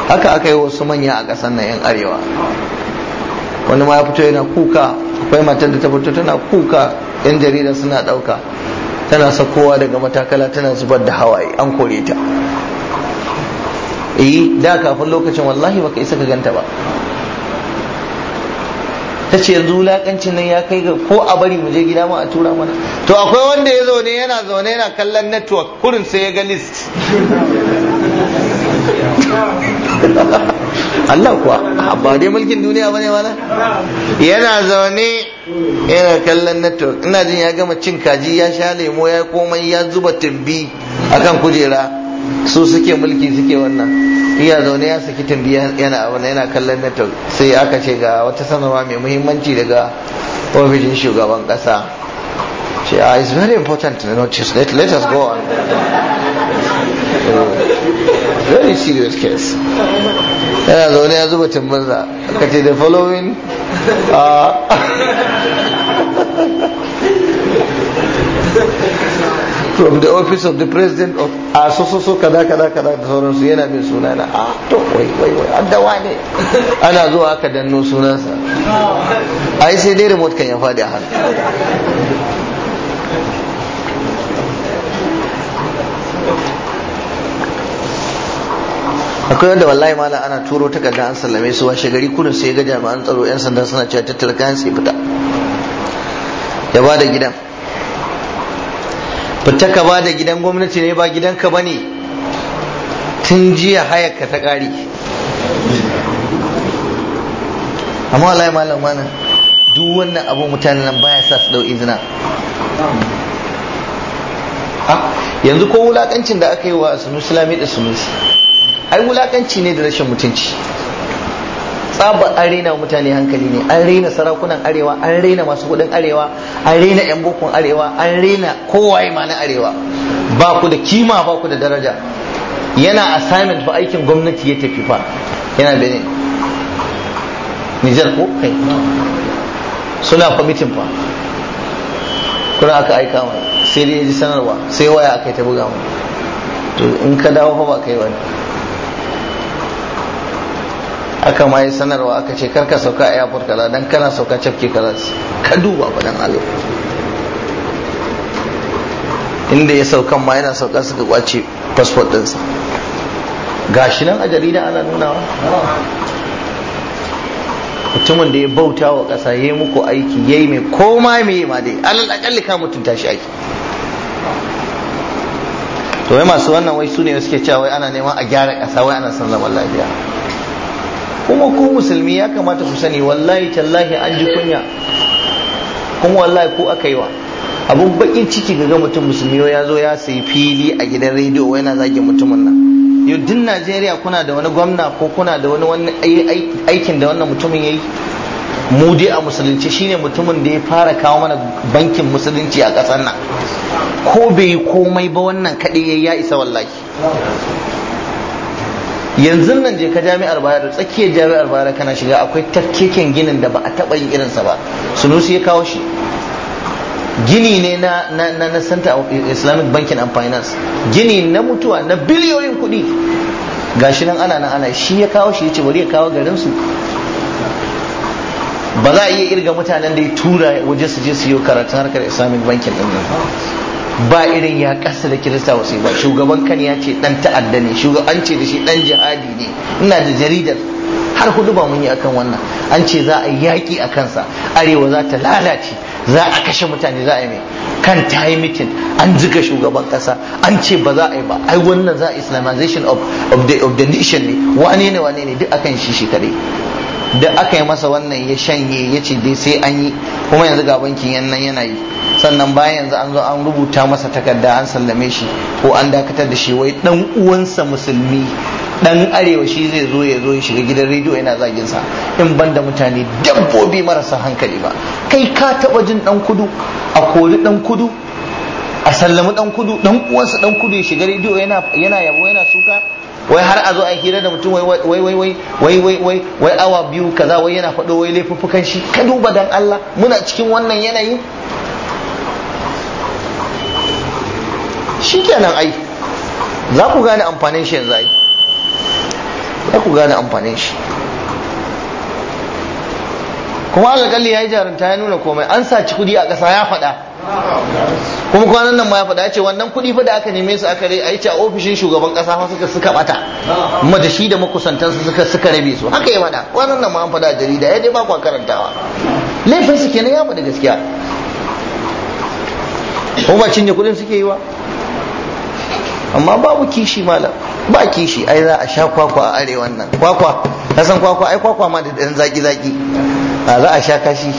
haka aka yi wasu manya a ƙasar nan 'yan arewa wani ma ya fito yana kuka akwai matar da ta fito tana kuka yan jarida suna ɗauka tana sakowa daga matakala tana zubar da hawaye an kore ta eh da kafin lokacin wallahi baka isa ka ganta ba ta ce yanzu wulakancin nan ya kai ga ko a bari mu je gida ma a tura mana to akwai wanda ya zaune yana zaune yana kallon network kurin sai ya ga list Allah kuwa ba dai mulkin duniya bane wala yana zaune yana kallon network ina jin ya gama cin kaji ya sha lemo ya komai ya zuba tumbi akan kujera su suke mulki suke wannan iya zaune ya saki tumbi yana wannan yana kallon network sai aka ce ga wata sanarwa mai muhimmanci daga ofishin shugaban kasa She, ah, is very important to notice let, let us go on very serious case yana zaune ya zuba timbanza ka ce the following from the office of the president of a ah, so so so kada kada kada da sauransu yana bin suna na a ah, to wai wai wai dawa ne ana zuwa aka danno sunansa yi sai dai remote kan ya fadi a hannu akwai wanda wallahi mala ana turo ta kaddan an sallame su washe gari kurin sai ga jami'an tsaro yan sanda suna cewa tattara kayan sai fita ya ba da gidan fita ka ba da gidan gwamnati ne ba gidan ba ne tun jiya ka ta ƙari amma wallahi mala malam duk wannan abu mutanen nan baya sa su dau izina ah, yanzu ko wulakancin da aka yi wa sunusi da sunusi ai wulakanci ne da rashin mutunci tsaba an raina mutane hankali ne an raina sarakunan arewa an raina masu kudin arewa an raina yan bokon arewa an raina kowaye ma na arewa ba ku da kima ba ku da daraja yana assignment ba aikin gwamnati ya tafi fa yana bene nijar ko kai suna kwamitin fa kuna aka aika mu sai dai ji sanarwa sai waya aka yi ta buga mu to in ka dawo fa ba kai wani aka ma yi sanarwa aka ce karka sauka a airport kaza dan kana sauka cafke kaza ka duba ba dan Allah inda ya saukan ma yana sauka suka kwace passport ɗinsa gashi nan a jarida ana nunawa mutumin da ya bauta wa ƙasa ya yi muku aiki ya yi mai koma mai ma dai alal akalli ka mutunta shi aiki to wai masu wannan wai su ne suke cewa wai ana neman a gyara ƙasa wai ana son zaman lafiya kuma ku musulmi ya kamata ku sani wallahi tallahi an ji kunya kuma wallahi ku aka yi wa abun bakin ciki ga mutum musulmi ya zo ya sayi fili a gidan rediyo wai na zage mutumin nan yau din najeriya kuna da wani gwamna ko kuna da wani aikin da wannan mutumin ya yi mu dai a musulunci shine mutumin da ya fara kawo mana bankin musulunci a ƙasar nan ko bai komai ba wannan kaɗai ya isa wallahi yanzu nan je ka jami'ar bayar tsakiyar jami'ar bayar kana shiga akwai tafkeken ginin da ba a taɓa yin irinsa ba sunusi ya kawo shi gini ne na na na, na center islamic banking and finance gini na mutuwa na biliyoyin kuɗi gashi nan ana nan ana shi ya kawo shi ya ce bari ya kawo garin su ba za a iya irga mutanen da ya tura waje su je su yi karatun harkar islamic banking din nan ba irin ya kasa da kirista wasu ba shugaban kan ya ce dan ta'adda ne an ce da shi dan jihadi ne ina da jaridar har hudu ba mun yi akan wannan an ce za a yaƙi a kansa arewa za ta lalace za a kashe mutane za a yi mai kan ta yi mitin an jika shugaban kasa an ce ba za a yi ba ai wannan za a islamization of, the, nation ne wane ne wane ne duk akan shi shi Da aka yi masa wannan ya shanye ya ce dai sai an yi kuma yanzu ga bankin yannan yana yi sannan bayan yanzu an zo an rubuta masa takarda an sallame shi ko an dakatar da shi wai dan uwansa musulmi dan arewa shi zai zo ya zo ya shiga gidan rediyo yana zagin sa in banda mutane dabbobi marasa hankali ba kai ka taba jin dan kudu a kori dan kudu a sallami dan kudu dan uwansa dan kudu ya shiga rediyo yana yana yabo yana suka wai har a zo a hira da mutum wai wai wai wai wai wai wai wai awa biyu kaza wai yana faɗo wai laifuffukan shi ka duba dan Allah muna cikin wannan yanayi shikenan ai za ku gane amfanin shi yanzu ai za ku gane amfanin shi kuma alƙalli ya yi jarunta ya nuna komai an saci kudi a ƙasa ya faɗa kuma kwanan nan ma ya faɗa ce wannan kuɗi fa da aka neme su aka a yi a ofishin shugaban ƙasa fa suka suka bata kuma da shi da makusantansu suka suka rabe su haka ya faɗa kwanan nan ma an faɗa jarida ya dai ba kwa karantawa laifin su kenan ya da gaskiya ko ba cinye kuɗin suke yi ba amma babu kishi malam ba kishi ai za a sha kwakwa a arewan nan kwakwa kasan san kwakwa ai kwakwa ma da ɗan zaki zaki a za a sha kashi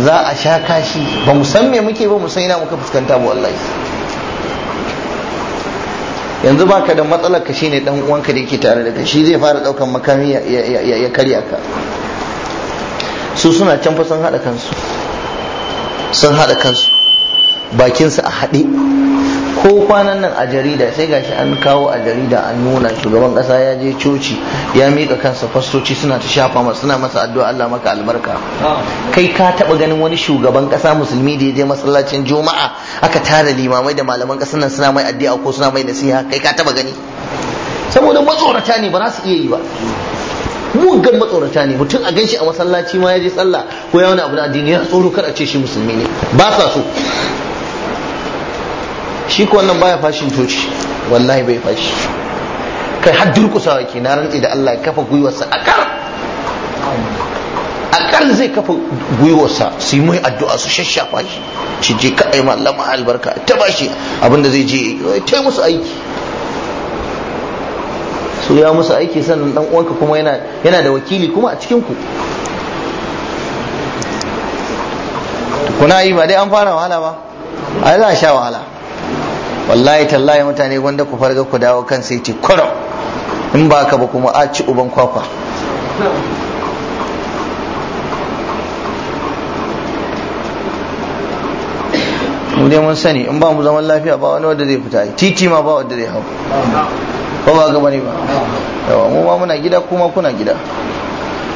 za a sha kashi ba mu san me muke ba mu san ina muka fuskanta ba wallahi yanzu baka da matsalar kashi ne dan uwanka da yake tare da kai shi zai fara daukan makami ya karya ka su suna can fa sun hada kansu sun hada kansu bakin su a hade ko kwanan nan a jarida sai gashi an kawo a jarida an nuna shugaban kasa ya je coci ya mika kansa fastoci suna ta shafa masa suna masa addu'a Allah maka albarka kai ka taba ganin wani shugaban kasa musulmi da ya je masallacin juma'a aka tara limamai da malaman kasar nan suna mai addu'a ko suna mai nasiha kai ka taba gani saboda matsorata ne ba za su iya yi ba mugan matsorata ne mutum a ganshi a masallaci ma ya je sallah ko ya wani abu na addini ya tsoro kar a ce shi musulmi ne ba sa so shi ko wannan baya fashin coci wallahi bai fashi kai har durkusawa ke na rantsi da Allah kafa gwiwarsa a akar a zai kafa gwiwarsa su yi mai addu'a su shashafa shi shi je ka aima Allah ma albarka ta bashi abinda zai je ta musu aiki su ya musu aiki sannan dan uwanka kuma yana yana da wakili kuma a cikin ku kuna yi ba dai an fara wahala ba ai za a sha wahala wallahi tallahi mutane wanda ku farga ku dawo kan sai ce kurau in ba ka ba kuma a ci uban kwakwa mu dai mun sani in ba mu zaman lafiya ba wani wanda zai fita titi ma ba wanda zai hau ba ba gaba ne ba yawa mu ma muna gida kuma kuna gida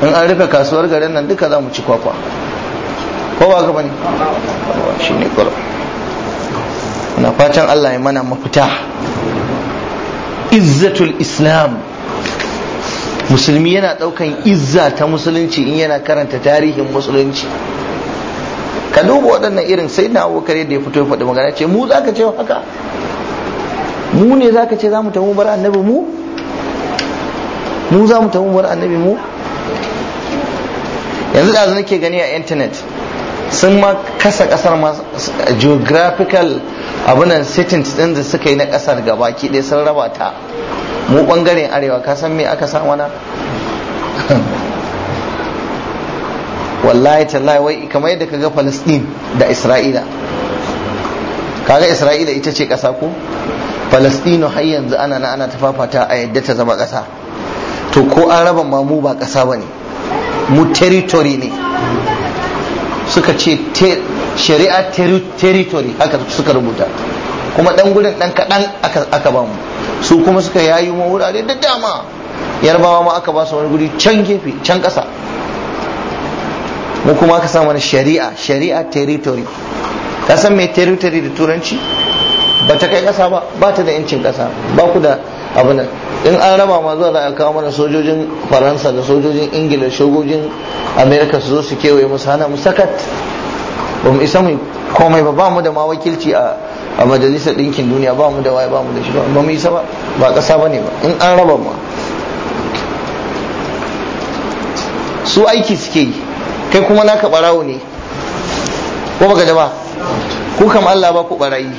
in an rufe kasuwar garin nan duka za mu ci kwakwa ko ba gaba ne shi ne kwalwa muna fatan Allah ya mana mafita izzatul islam musulmi yana daukan izza ta musulunci in yana karanta tarihin musulunci ka duba waɗannan irin sai na abubakar yadda ya fito ya faɗi magana ce mu za ka ce haka mu ne za ka ce za mu tafi bar annabi mu mu za mu bar annabi mu yanzu da nake gani a intanet sun ma kasa kasar ma geographical abunan sitin din da suka yi na kasar baki ɗaya sun raba ta mu bangaren arewa ka san me aka sa mana wallahi tallahi wai kamar yadda kaga Palestine da Isra'ila kaga Isra'ila ita ce kasa ko Palestino har yanzu ana na ana tafafata a yadda ta zama kasa to ko an raba ma mu ba kasa bane mu territory ne suka ce shari'a territory haka suka rubuta kuma dan gudun dan kaɗan aka ba mu su kuma suka yayi mu wurare da dama yarbawa ma aka ba su wani guri can gefe can kasa. mu kuma aka samu shari'a shari'a territory ka san me territory da turanci ba ta kai kasa ba ba ta da yancin kasa ba ku da abu nan in an raba ma zuwa za a kawo mana sojojin faransa da sojojin ingila sojojin amerika su zo su kewaye musu hana mu sakat ba mu isa mu komai ba ba mu da ma wakilci a majalisar ɗinkin duniya ba mu da waye ba mu da shi ba mu isa ba ba ƙasa ba ne ba in an raba mu su aiki suke yi kai kuma naka barawo ne ko baka ba ku kam Allah ba ku barayi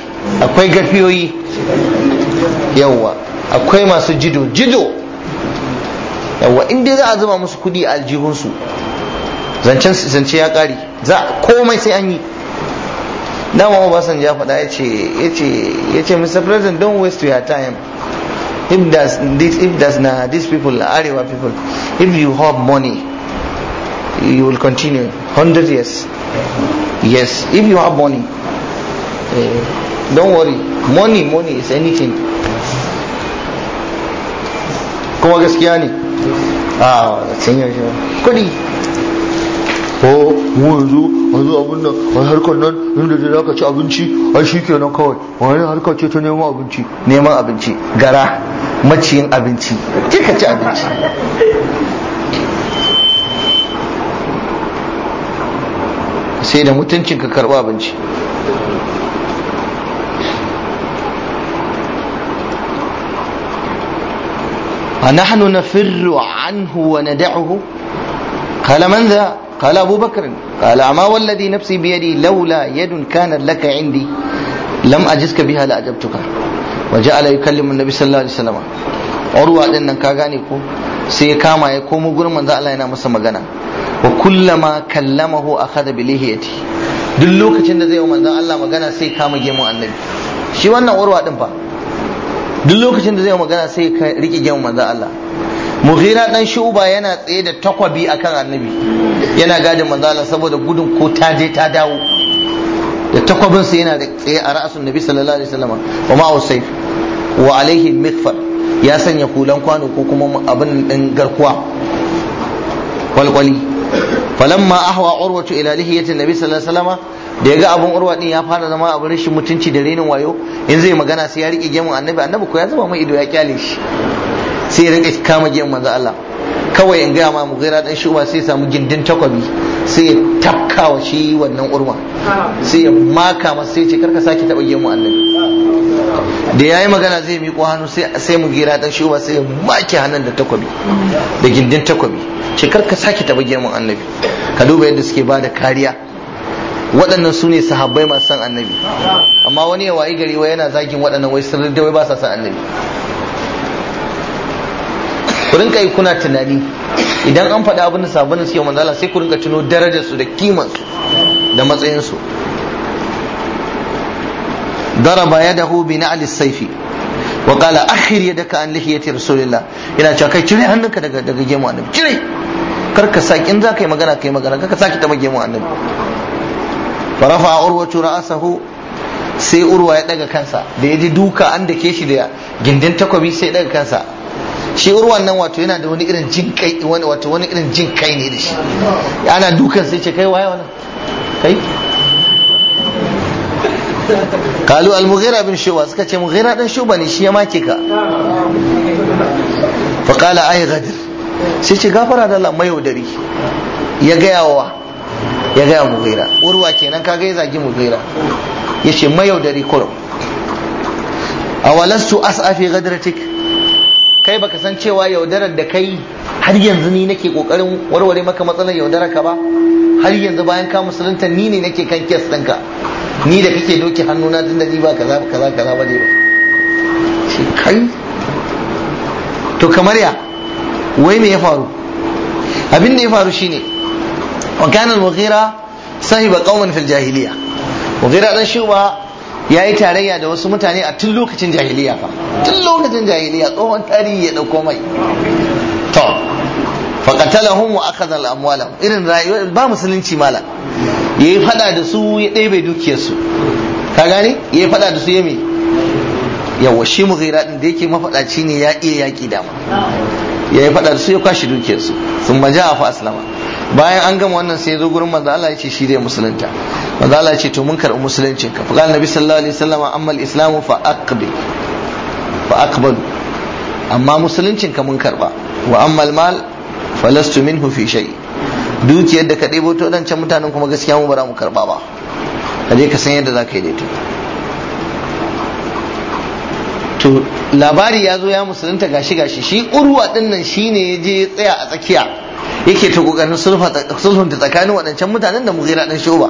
akwai gafiyoyi yawa akwai masu jido jido yawa in dai za a zuba musu kudi a aljihunsu zancen zance ya kare za komai sai an yi dama obasanjo ya faɗa ya ce mr president don't waste your time if does this if does na these people arewa people if you have money you will continue 100 years yes if you have money uh, don't worry money money is anything kuma gaskiya ne a ah, sanya shi kudi ko mu yanzu yanzu abin nan a harkar nan inda da za ka ci abinci ai shi kenan kawai wani harkar ce ta neman abinci neman abinci gara maciyin abinci kika ci abinci sai da mutuncin ka karɓi abinci a na nafirru anhu wa nada'uhu kala kalaman za قال أبو بكر قال أما والذي نفسي بيدي indi. يد كانت لك عندي لم أجزك ka. لأجبتك وجعل يكلم النبي صلى الله عليه وسلم عروة إن كاغاني كو sai ya kama ya komo gurin manzo Allah yana masa magana wa kullama kallamahu akhadha bi lihiyati duk lokacin da zai yi manzo Allah magana sai kama gemun annabi shi wannan urwa fa duk lokacin da zai yi magana sai ya rike gemun manzo Allah mughira dan shuba yana tsaye da takwabi akan annabi yana gadin manzala saboda gudun ko ta je ta dawo da sa yana da tsaye a ra'asun nabi sallallahu alaihi wasallam wa ma usayf wa alaihi mikfar ya sanya kulan kwano ko kuma abin din garkuwa kwalkwali falamma ahwa urwatu ila lihiyatin nabi sallallahu alaihi wasallam da yaga abun urwa din ya fara zama abin rashin mutunci da renin wayo in zai magana sai ya rike gemun annabi annabi ko ya zuba mai ido ya kyale shi sai ya rinka kama giyan manzo Allah kawai in gaya ma gaira dan shuba sai ya samu gindin takwabi sai ya tafkawa shi wannan urma sai ya maka masa sai ya ce karka sake taba giyan mu annabi da yayi magana zai miƙo hannu sai sai gaira dan shuba sai ya maki hannun da takwabi da gindin takwabi ce karka sake taba giyan mu annabi ka duba yadda suke bada kariya waɗannan su ne sahabbai masu san annabi amma wani ya wayi gari wai yana zagin waɗannan wai sun da wai ba sa san annabi ku rinka yi kuna tunani idan an faɗi abin da sabanin suke manzala sai ku rinka tuno darajar su da kiman su da matsayin su daraba dahu bi na'li saifi wa qala akhir yadaka an lihiyati rasulillah yana cewa kai cire hannunka daga daga gemu annabi cire kar ka saki in za ka yi magana kai magana kar ka saki taba gemu annabi farafa urwatu ra'asahu sai urwa ya daga kansa da ya ji duka an dake shi da gindin takobi sai daga kansa shi urwan nan wato yana da wani irin jin kai wani wato wani irin jin kai ne da shi ana dukan sai ce kai waye wannan kai kalu al-mughira bin shuba suka ce mughira dan shuba ne shi ya make ka fa qala ay ghadir sai ce gafara da Allah mai yaudari ya gaya wa ya gaya mughira urwa kenan kaga ya zagi mughira yace mai yaudari kurum awalastu as'a fi ghadratik kai baka san cewa yaudarar da kai har yanzu ni nake kokarin warware maka matsalar yaudarar ka ba har yanzu bayan ka musulunta ni ne nake kan kes ɗinka ni da kake doke hannuna tunda ni ba kaza kaza kaza ba ne ba shi kai to kamar ya wai me ya faru abin da ya faru shine wa kana al-mughira sahiba qauman fil jahiliya mughira dan shuba ya yi tarayya da wasu mutane a tun lokacin jahiliya fa tun lokacin jahiliya tsohon tarihi ya dauko mai to faqatalahum wa akhadha al-amwalahum irin rayuwa ba musulunci mala yayi fada da su ya ɗebe dukiyar su ka gane yayi fada da su ya me yawa shi mughira din da yake mafadaci ne ya iya yaki dama yayi fada da su ya kwashi dukiyar su sun maja fa aslama bayan an gama wannan sai ya zo gurin manzo Allah ya ce shi zai musulunta manzo Allah ya ce to mun karɓi musuluncin ka faqala nabi sallallahu alaihi wasallam amma al-islamu fa aqbi fa aqbal amma musuluncin ka mun karba wa amma al-mal falastu minhu fi shay dukiyar da ka ɗebo to dan can mutanen kuma gaskiya mu bara mu karba ba kaje ka san yadda zaka yi da to labari ya zo ya musulunta gashi gashi shi urwa dinnan shine ya je ya tsaya a tsakiya yake ta kokarin sulhunta tsakanin waɗancan mutanen da mugira dan shuba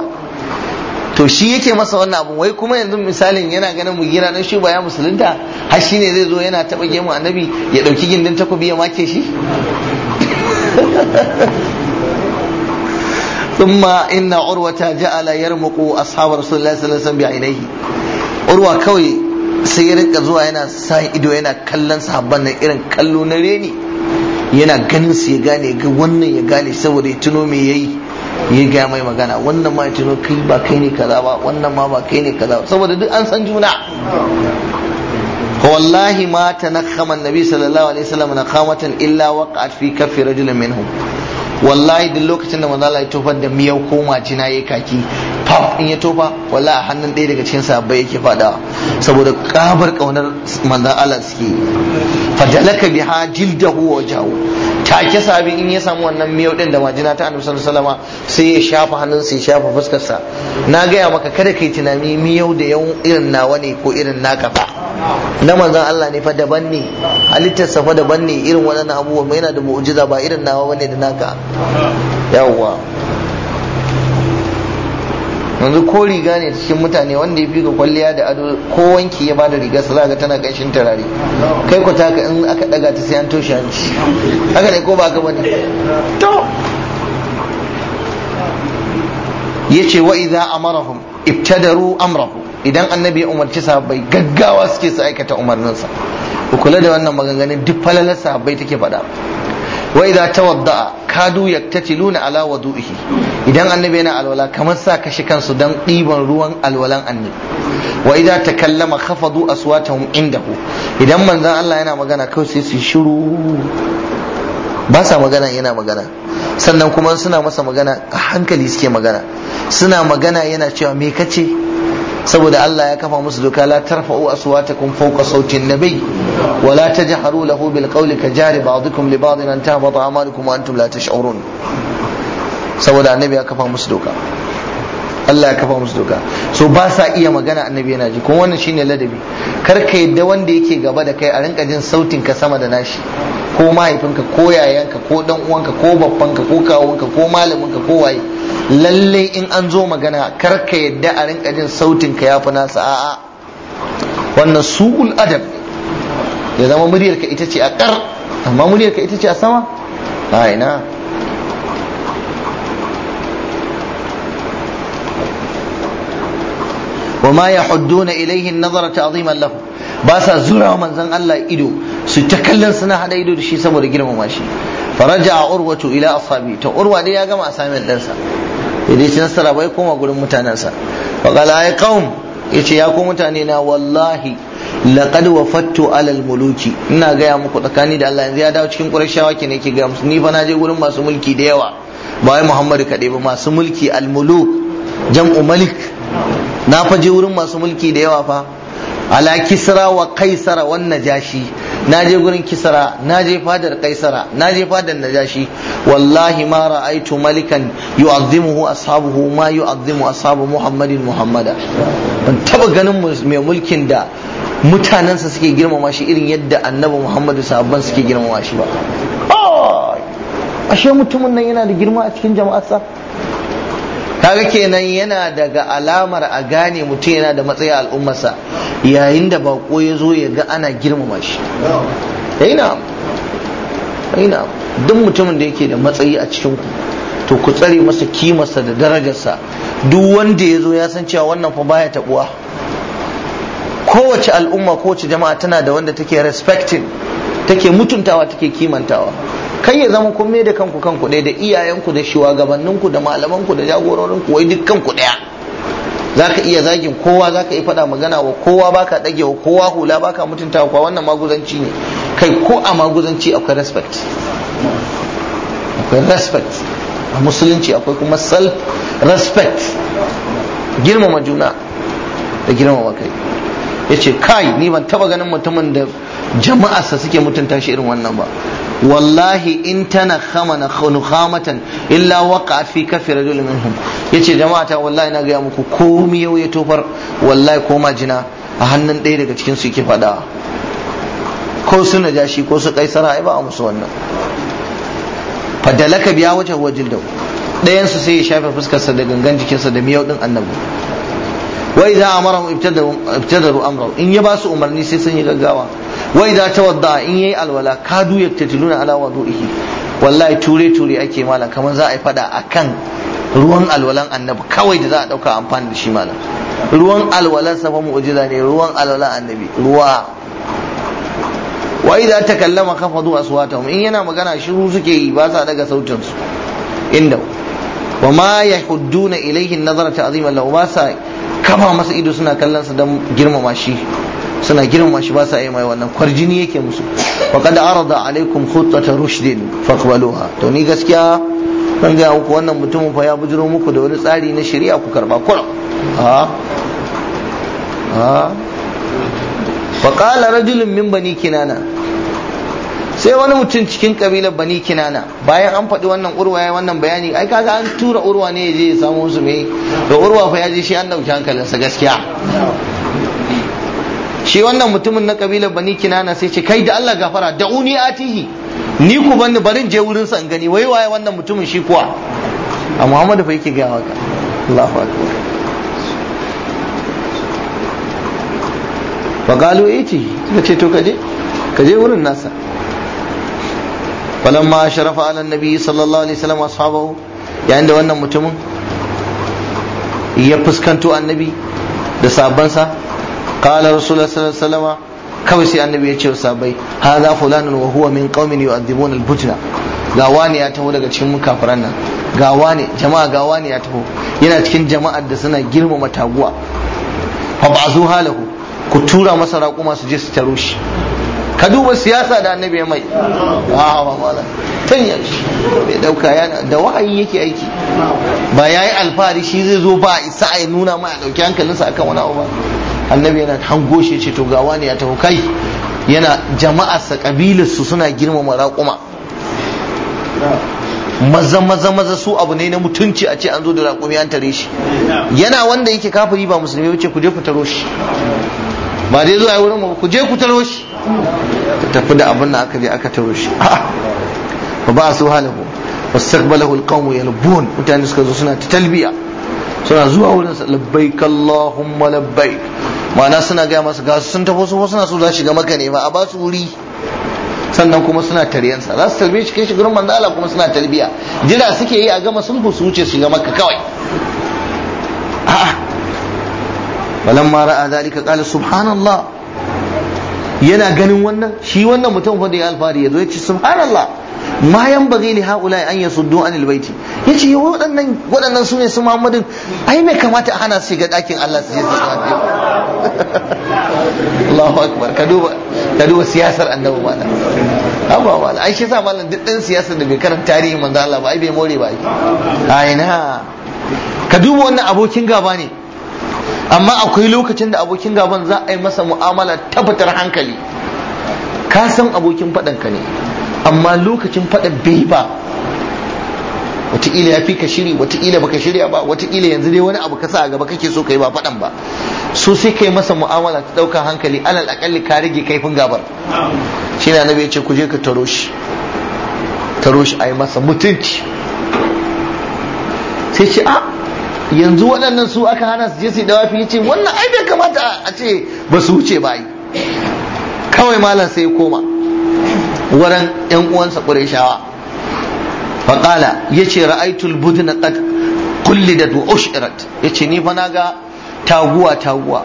to shi yake masa wannan abun wai kuma yanzu misalin yana ganin mugira dan shuba ya musulunta har shi ne zai zo yana taɓa gemu annabi ya ɗauki gindin takobi ya make shi thumma inna urwa ta ji أصحاب رسول الله صلى الله عليه وسلم بعينيه عروة sai ya rinka zuwa yana sa ido yana kallon sahabban nan irin kallo na reni yana ganin su ya gane ga wannan ya gane saboda ya tuno me yayi ya ga mai magana wannan ma ya tuno kai ba kai ne kaza ba wannan ma ba kai ne kaza saboda duk an san juna wallahi ma tanakhama annabi sallallahu alaihi wasallam khamatan illa waqa'at fi kaffi rajulin minhum wallahi duk lokacin da manzo Allah ya tofar da miyau ko majina yayi kaki pap in ya tofa wallahi a hannun ɗaya daga cikin sahabbai yake fada saboda kabar kaunar manzo Allah suke fajalaka biha jildahu wa jawu take sabi in ya samu wannan miyau din da majina ta annabi sallallahu alaihi sai ya shafa hannun sai ya shafa fuskarsa na gaya maka kada kai tunani miyau da yau irin nawa ne ko irin naka ba na manzon Allah ne fa daban ne halittarsa fa daban ne irin waɗannan abubuwan yana da mu'jiza ba irin nawa bane da naka yawwa yanzu ko riga ne cikin mutane wanda ya fi ga kwalliya da ado ko wanki ya bada riga su ga tana kanshin turare kai ku taka in aka daga ta sai an toshe hanci haka ne ko ba ka bane to yace wa idza amarahum ibtadaru amrahu idan annabi ya umarci sahabbai gaggawa suke su aikata umarninsa ku kula da wannan maganganun duk falalar sahabbai take faɗa wa idza tawadda'a kadu yaktatiluna ala wudu'ihi idan annabi yana alwala kamar sa kashi kansu dan ɗiban ruwan alwalan annabi wa idza takallama khafadu aswatahum indahu idan manzon Allah yana magana kai sai su shiru ba sa magana yana magana sannan kuma suna masa magana a hankali suke magana suna magana yana cewa me kace saboda Allah ya kafa musu doka la tarfa'u aswatakum fawqa sautin nabi wa la tajharu lahu bil qawli ka jari ba'dikum li ba'din an tahbata amalukum wa antum la tash'urun saboda annabi ya kafa musu doka Allah ya kafa musu doka so ba sa iya magana annabi yana ji kuma wannan shine ladabi kar ka yadda wanda yake gaba da kai a rinka jin sautin ka sama da nashi ko mahaifinka ko yayanka ko dan uwanka ko babbanka ko kawunka ko malaminka ko waye lalle in an zo magana kar ka yadda a rinka jin sautin ka yafi nasa a'a wannan su'ul adab ya zama muryar ka ita ce a kar amma muryar ka ita ce a sama a ina wa ma yahudduna ilayhi an-nazara ta'ziman lahu ba sa zura manzon Allah ido su ta kallon suna hada ido da shi saboda girmama shi faraja urwatu ila ashabi ta urwa dai ya gama assignment ɗinsa ya dai nasara bai koma gurin mutanensa fa qala ay qaum yace ya ku mutane na wallahi laqad wafattu alal muluki ina gaya muku tsakani da Allah yanzu ya dawo cikin qurayshawa ke ne ke ga musu ni ba na je gurin masu mulki da yawa ba wai Muhammadu kaɗai ba masu mulki al jam'u malik na fa je wurin masu mulki da yawa fa ala kisra wa kaisara wan najashi Naje gurin kisara na je fadar kaisara naje fadar najashi wallahi ma ra'aitu malikan yu'azzimuhu ashabuhu ma yu'azzimu ashabu muhammadin muhammada ban taba ganin mai mulkin da mutanansa suke girmama shi irin yadda annabi muhammadu sahabban suke girmama shi ba ashe mutumin nan yana da girma a cikin jama'arsa kaga kenan yana daga alamar a gane mutum yana da matsayi al'ummarsa yayin da bako ya zo ya ga ana girmama shi yana yana duk mutumin da yake da matsayi a cikin ku to ku tsare masa kimarsa da darajarsa duk wanda ya zo ya san cewa wannan fa baya taɓuwa? kowace al'umma kowace jama'a tana da wanda take respecting take mutuntawa take kimantawa kai ya zama kun da kanku kanku ɗaya da iyayenku da shuwagabanninku da malamanku da jagororinku wai duk kanku ɗaya zaka iya zagin kowa zaka yi faɗa magana wa kowa baka ɗage wa kowa hula baka mutuntawa kwa wannan maguzanci ne kai ko a maguzanci akwai respect akwai respect a musulunci akwai kuma self respect girmama juna da girmama kai yace kai ni ban taba ganin mutumin da jama'arsa suke mutunta shi irin wannan ba wallahi in tana khamana khamatan illa waqa fi kafir rajul minhum yace jama'a ta wallahi na ga muku komai yau ya tofar wallahi ko majina a hannun ɗaya daga cikin su yake fada ko su shi ko su kaisara ai ba a musu wannan fadalaka biya wajen wajildau ɗayan su sai ya shafe fuskarsa da gangan jikinsa da miyau din annabi wa idza amarahum ibtadaru amrahu in ya basu umarni sai sun yi gaggawa wa idza tawadda in yayi alwala kadu yaktatiluna ala wudu'ihi wallahi ture ture ake mala kamar za a yi fada akan ruwan alwalan annabi kawai da za a dauka amfani da shi malam ruwan alwalan sa fa mu'jiza ne ruwan alwalan annabi ruwa wa idza takallama khafadu aswatahum in yana magana shiru suke yi ba sa daga sautin su inda wa ma yahudduna ilayhi an-nazara ta'ziman lahu ba sa'i kafa masa ido suna kallon sa don girmama shi suna girmama shi ba sa yi mai wannan kwarjini yake musu da arada alaikum khuttata rushdin faqbaluha to ni gaskiya zan ga muku wannan mutumin fa ya bujiro muku da wani tsari na shari'a ku karba kuram a a faqala rajulun min bani kinana sai wani mutum cikin kabilar bani kinana bayan an faɗi wannan urwa ya wannan bayani ai kaga an tura urwa ne ya je ya samu su mai ga urwa fa ya je shi an dauki hankalinsa gaskiya shi wannan mutumin na kabilar bani kinana sai ce kai da Allah gafara da uni atihi ni ku bani barin je wurin sa gani wai waye wannan mutumin shi kuwa a Muhammadu fa yake gaya waka Allahu akbar fa galu iti ce to kaje kaje wurin nasa ma sharafa ala nabi sallallahu alaihi wasallam ashabahu yayin da wannan mutumin ya fuskanto annabi da sabansa qala rasulullah sallallahu alaihi wasallam kawai sai annabi ya ce wa sabai hadha fulanun wa huwa min qaumin yu'adhibuna al-bujna gawa ne ya taho daga cikin kafiran nan gawa ne jama'a gawa ne ya taho yana cikin jama'ar da suna girmama taguwa fa ba'zu halahu ku tura masa raƙuma su je su taro shi ka duba siyasa da annabi ya mai tun yanzu bai dauka yana da wa'ayi yake aiki ba ya yi alfahari shi zai zo ba isa a nuna ma a dauki hankalinsa akan wani abu ba annabi yana hango shi ce to gawa ne ya tafi kai yana jama'arsa kabilarsu suna girmama raƙuma maza maza maza su abu ne na mutunci a ce an zo da raƙumi an tare shi yana wanda yake kafiri ba musulmi ce ku je ku taro shi ba dai zuwa wurin ku je ku taro shi tafi da abin da aka je aka taro shi ba ba su halahu wastaqbalahu القوم yalbun mutane suka zo suna ta talbiya suna zuwa wurin sa labbaik allahumma labbaik ma'ana suna gaya masa ga sun tafi su suna so za shiga maka ne ba a ba su wuri sannan kuma suna taryan sa za su talbiye shi kai shi gurin manzo Allah kuma suna talbiya jira suke yi a gama sulhu su wuce shiga maka kawai راى ذلك قال سبحان subhanallah yana ganin wannan shi wannan mutum fa da ya alfahari yazo yace subhanallah ma yan bazai li haula an yasuddu anil baiti yace waɗannan waɗannan sune su Muhammadin ai me kamata a hana su shiga ɗakin Allah su je su sami Allahu akbar ka duba ka duba siyasar annabi mala abba mala ai shi sa mallan duk ɗan siyasar da bai karanta tarihi manzo Allah ba ai bai more ba ai na ka duba wannan abokin gaba ne amma akwai lokacin da abokin gaban za a yi masa mu'amala tabbatar hankali ka san abokin faɗanka ne amma lokacin faɗan bai ba wataƙila ya fi ka shiri wataƙila baka shirya ba wataƙila yanzu dai wani abu ka sa a gaba kake so kai ba faɗan ba so sai kai masa mu'amala ta ɗaukar hankali alal aƙalli ka rage kaifin gabar shi na nabi ya ce ku je ka taro shi taro shi a yi masa mutunci sai ce a ah, yanzu waɗannan su aka hana su je su dawafi ce wannan ai bai kamata a ce ba su wuce ba kawai malam sai koma wurin yan uwansa qurayshawa fa qala yace ra'aytul budna qad qullidat wa ushirat yace ni fa naga taguwa taguwa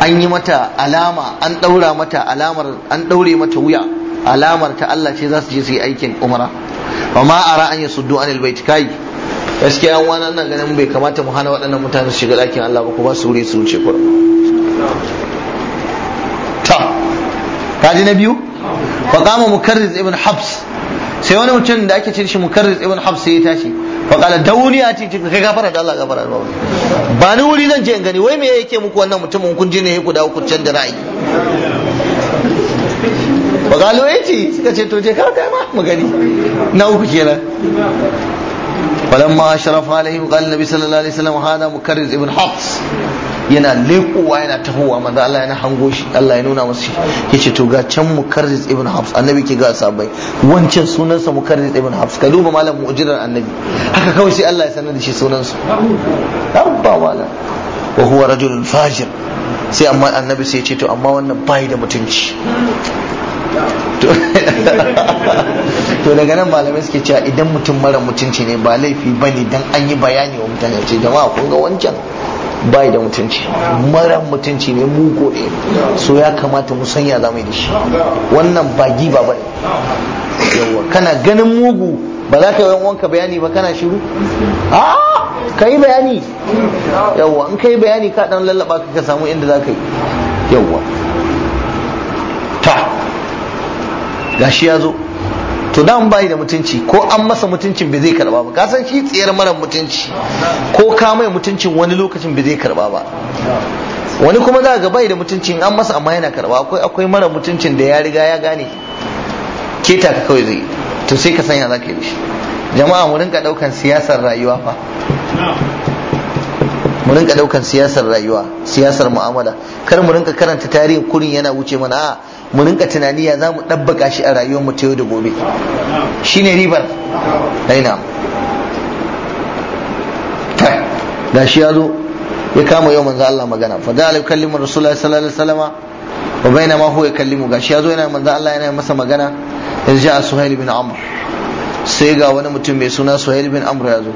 an yi mata alama an daura mata alamar an daure mata wuya alamar ta Allah ce za su je su yi aikin umra amma a ara an yasuddu anil bait kai gaskiya an wani nan ganin bai kamata mu hana waɗannan mutane shiga ɗakin Allah ba kuma su wuri su wuce kurum ta kaji na biyu faqama mukarriz ibn habs sai wani mutum da ake cire shi mukarriz ibn habs sai ya tashi faƙala da wuni a cikin kai gafara da Allah gafara ba ba ni wuri zan je in gani wai me yake muku wannan mutumin kun ji ne ya kuda ku canza ra'ayi galo ya ce suka ce to je ka kai ma mu gani na uku kenan falamma ashrafa alaihim qala nabi sallallahu alaihi wasallam hada mukarriz ibn hafs yana lekowa yana tahowa manzo Allah yana hango shi Allah ya nuna masa yace to ga can mukarriz ibn hafs annabi ke ga sabai wancan sunansa mukarriz ibn hafs ka duba malam mu'jirar annabi haka kawai sai Allah ya sanar da shi sunansa abba wala wa huwa rajulun sai amma annabi sai ya ce to amma wannan bai da mutunci to daga nan malamai suke cewa idan mutum mara mutunci ne ba laifi ba ne don an yi bayani wa mutane ce jama'a kun ga wancan ba da mutunci mara mutunci ne mugu ne so ya kamata mu sanya za mu yi da shi wannan ba giba ba yawa kana ganin mugu ba za ka yi wanka bayani ba kana shiru a ka yi bayani Yawwa in ka yi bayani ka dan lallaba ka samu inda za ka yi Yawwa. gashi ya zo to dan bai da mutunci ko an masa mutuncin bai zai karba ba kasan shi tsayar mara mutunci ko ka mai mutuncin wani lokacin bai zai karba ba wani kuma za ga bai da mutuncin an masa amma yana karba akwai akwai mara mutuncin da ya riga ya gane keta ka kawai zai to sai ka sanya zaka yi shi jama'a mu rinka daukan siyasar rayuwa fa mu rinka daukan siyasar rayuwa siyasar mu'amala kar mu rinka karanta tarihin kurin yana wuce mana a'a mu rinka tunani ya za mu ɗabbaka shi a rayuwar mu ta yau da gobe shine ribar Daina. da shi ya zo ya kama yau manzo Allah magana fa da alai kallimu rasulullahi sallallahu alaihi wasallama wa baina ma huwa yakallimu gashi ya zo yana manzo Allah yana masa magana yanzu ja suhail bin amr sai ga wani mutum mai suna suhail bin amr ya zo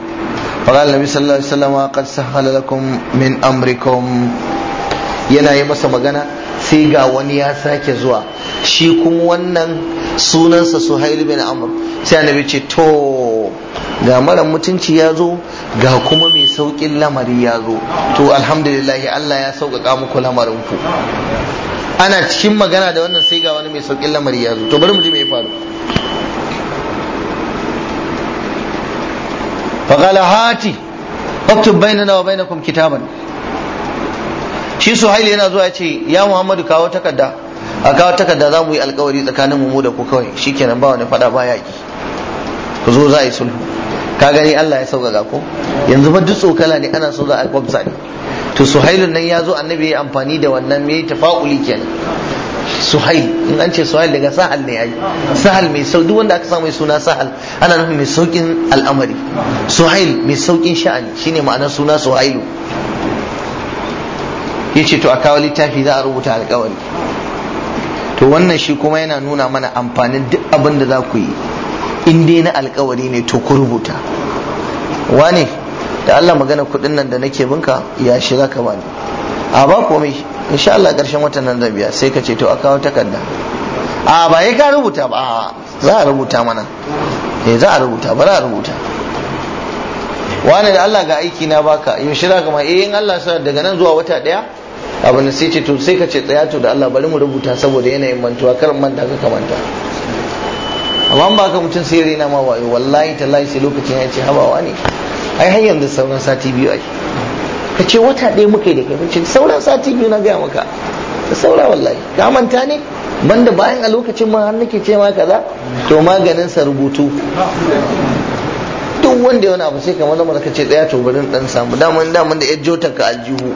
fa annabi sallallahu alaihi wasallama qad sahala lakum min amrikum yana yi masa magana sai ga wani ya sake zuwa shi kuma wannan sunansa haili bin amur sai annabi ce to ga mara mutunci ya zo ga kuma mai saukin lamari ya zo to alhamdulillahi Allah ya sauƙaƙa muku lamarin ku ana cikin magana da wannan sai ga wani mai saukin lamari ya zo to bari mu ji mai faru faqala hati اكتب wa وبينكم kitaban. shi suhail yana zuwa ya ce ya muhammadu kawo takarda a kawo takarda za mu yi alkawari tsakanin mu da ku kawai shi kenan ba wani fada ba yaki ku zo za a yi sulhu ka gani Allah ya sauƙaƙa ko yanzu ba duk tsokala ne ana so za a kwamsa ne to suhailu nan ya zo annabi ya amfani da wannan me tafa'uli kenan suhail in an ce suhail daga sahal ne yayi sahal mai sauki duk wanda aka samu suna sahal ana nufin mai saukin al'amari suhail mai saukin sha'ani shine ma'anar suna suhailu ya ce to a kawo littafi za a rubuta alkawari to wannan shi kuma yana nuna mana amfanin duk abin da za ku yi in dai na alkawari ne to ku rubuta wane da Allah magana kudin nan da nake binka ya shiga za ka bani a ba komai insha Allah karshen watan nan zan biya sai ka ce to a kawo takarda a ba ya ka rubuta ba za a rubuta mana eh za a rubuta ba za a rubuta wane da Allah ga aiki na baka yaushe za ka ma eh in Allah sa daga nan zuwa wata daya abin sai ce to sai ka ce tsaya to da Allah bari mu rubuta saboda yanayin mantuwa karin manta ka manta amma ba ka mutum sai rena ma wayo wallahi tallahi sai lokacin ya ce habawa ne ai har yanzu sauran sati biyu ai ka ce wata ɗaya muka yi da kai ce sauran sati biyu na gaya maka ka saura wallahi ka manta ne banda bayan a lokacin ma har nake ce ma kaza to maganin sa rubutu duk wanda yana abu sai kamar zama ka ce daya to bari dan samu daman daman da yar ta ka aljihu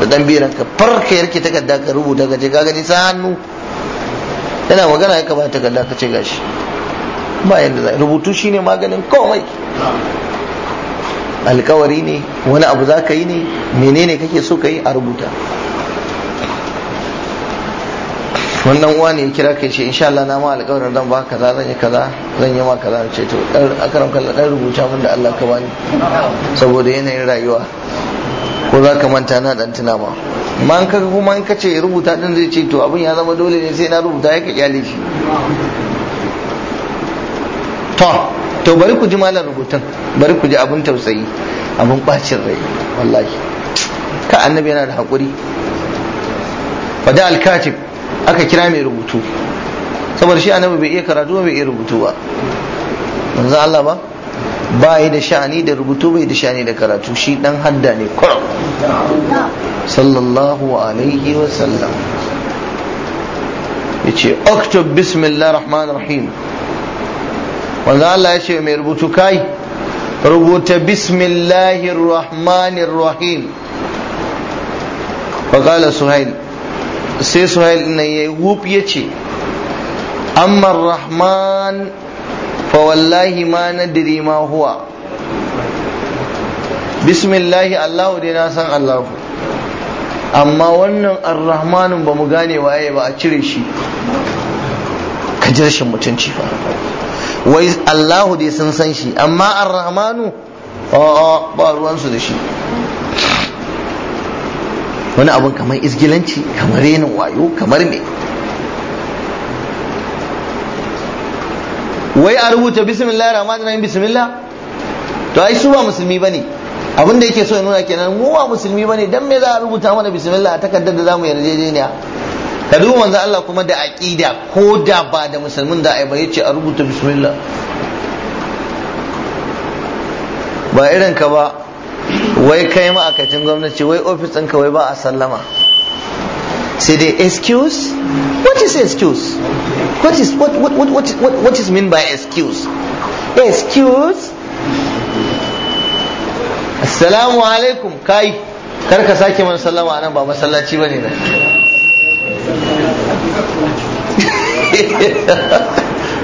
da dan biran ka farka yarke takarda ka rubuta ka je ka gani sa hannu yana magana ya kamata takarda ka ce gashi ba yanda zai rubutu shine maganin komai alkawari ne wani abu za ka yi ne menene kake so ka yi a rubuta Wannan dan uwa ne ya kira kai ce insha Allah na ma alƙawarin zan ba kaza zan yi kaza zan yi ma kaza ce to akaram kalla dan rubuta min da Allah ka bani saboda yanayin rayuwa ko za ka manta na dan tuna ma ma an kaga kuma in ka ce rubuta din zai ce to abin ya zama dole ne sai na rubuta ya ka kyale shi to to bari ku ji malam rubutun bari ku ji abin tausayi abin bacin rai wallahi ka annabi yana da haƙuri fada al-katib aka kira mai rubutu saboda shi annabi bai iya karatu bai iya rubutu ba manzo Allah ba ba yi da sha'ani da rubutu bai da sha'ani da karatu shi dan hadda ne kurum sallallahu alaihi wa sallam yace uktub bismillah rahman rahim manzo Allah ya ce mai rubutu kai rubuta bismillahir rahmanir rahim فقال سهيل sai suhail na yayi wuf yace amma rahman fa wallahi ma nadri ma huwa bismillahi allahu dai na san allahu amma wannan arrahmanun ba mu gane waye ba a cire shi ka ji rashin mutunci fa wai allahu dai sun san shi amma arrahmanu a'a ba ruwansu da shi wani abun kamar izgilanci kamar renin wayo kamar me wai a rubuta bismillah rahman rahim bismillah to ai su ba musulmi bane abin da yake so ya nuna kenan mu ba musulmi bane dan me za a rubuta mana bismillah a takardar da zamu yarjejeniya ka dubu manzo Allah kuma da aqida ko da ba da musulmin da ai ba yace a rubuta bismillah ba irin ka ba wai kai ma'aikacin gwamnati wai ofis ka wai ba a sallama sai dai excuse what is excuse what is what what what what what, what is mean by excuse excuse assalamu alaikum kai kar ka sake mana sallama anan ba masallaci bane ba.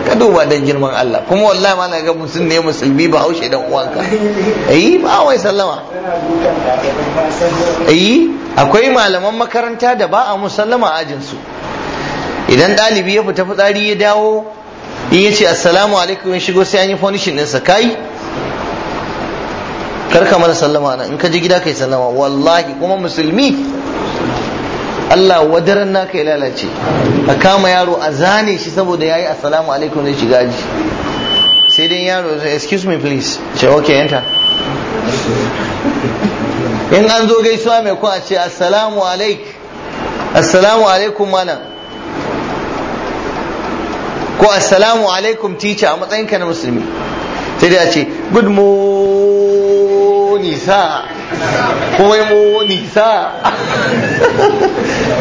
ka duba dan girman Allah kuma wallahi ma na ga mutum ne musulmi ba haushe dan uwanka eh ba wai sallama eh akwai malaman makaranta da ba a musallama ajin su idan ɗalibi ya fita fitsari ya dawo in ya ce assalamu alaikum ya shigo sai an yi fonishin ɗinsa kai kar ka mana sallama na, in ka je gida kai sallama wallahi kuma musulmi Allah wadaran naka ya lalace a kama yaro a zane shi saboda yayi assalamu alaikum zai shiga aji sai dai yaro zai excuse me please ce okay enter in an zo gaisuwa mai kuwa ce assalamu alaik assalamu alaikum mana ko assalamu alaikum teacher a matsayinka na musulmi sai dai a ce good morning nisa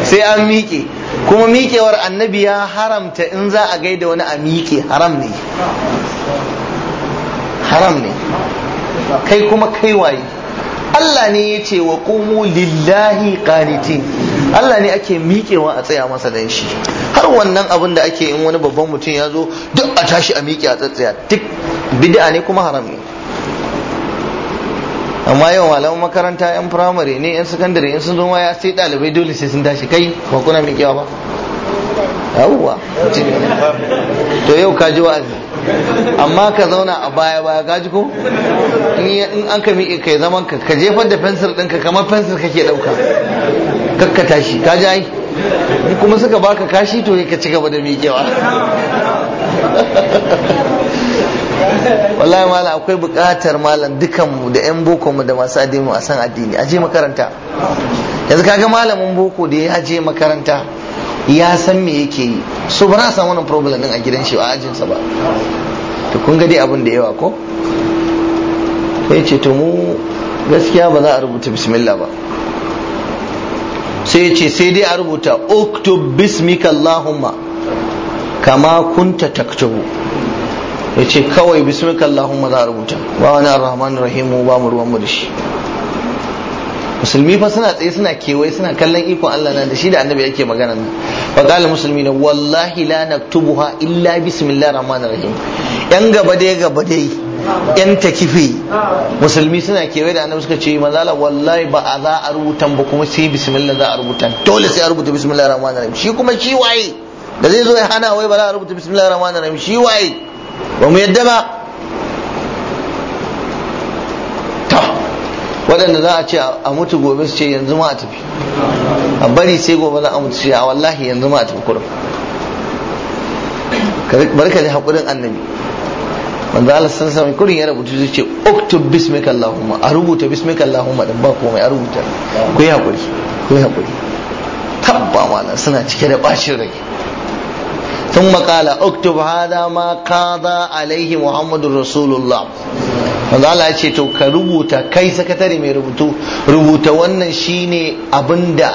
sai an miƙe kuma miƙewar annabi ya haramta in za a gaida wani a miƙe haram ne haram ne kai kuma kai waye Allah ne ya ce wa lillahi qanitin Allah ne ake miƙewa a tsaya masa dan shi har wannan abin da ake in wani babban mutum ya zo duk a tashi a miƙe a tsatsaya duk bid'a ne kuma haram ne amma yau malaman makaranta yan firamare ne yan sakandare in sun zo ma ya sai dalibai dole sai sun tashi kai ba kuna mai kiyawa ba yawwa to yau ka ji wa'azi amma ka zauna a baya baya ka ji ko in an ka miƙe kai zaman ka ka jefar da fensir ɗinka kamar fensir kake ɗauka kakka tashi ka ji ai kuma suka baka kashi to ka ci gaba da miƙewa wallahi malam akwai buƙatar malam dukanmu da 'yan boko mu da masu addini a san addini a je makaranta yanzu kaga malamin boko da ya je makaranta ya san me yake yi so ba na samu wannan problem din a gidan shi a ajin sa ba to kun ga dai abin da yawa ko to yace to mu gaskiya ba za a rubuta bismillah ba sai yace sai dai a rubuta uktub bismika allahumma kama kunta taktubu ya ce kawai bismika Allahumma za a rubuta ba wani arhaman rahimu ba mu ruwan mu da shi musulmi fa suna tsaye suna kewaye suna kallon ikon Allah nan da shi da annabi yake magana nan fa qala musulmi na wallahi la naktubuha illa bismillahir rahmanir rahim yan gaba dai gaba dai yan takife musulmi suna kewaye da annabi suka ce mazala wallahi ba a za a rubutan ba kuma sai bismillah za a rubuta dole sai a rubuta bismillahir rahmanir rahim shi kuma shi waye da zai zo ya hana wai ba za a rubuta bismillahir rahmanir rahim shi waye ba mu yadda ba ta waɗanda za a ce a mutu gobe su ce yanzu ma a tafi a bari sai gobe za a mutu ce a wallahi yanzu ma a tafi kurum bari ka ji haƙurin annabi wanda Allah san sami kurin ya rubuta zai ce uktub bismika allahumma a rubuta bismika allahumma dan ba komai a rubuta ku yi haƙuri ku yi haƙuri tabba malam suna cike da bashin rage ثم قال اكتب هذا ما قضى عليه محمد رسول الله manzo Allah ya ce to ka rubuta kai sakatare mai rubutu rubuta wannan shine abinda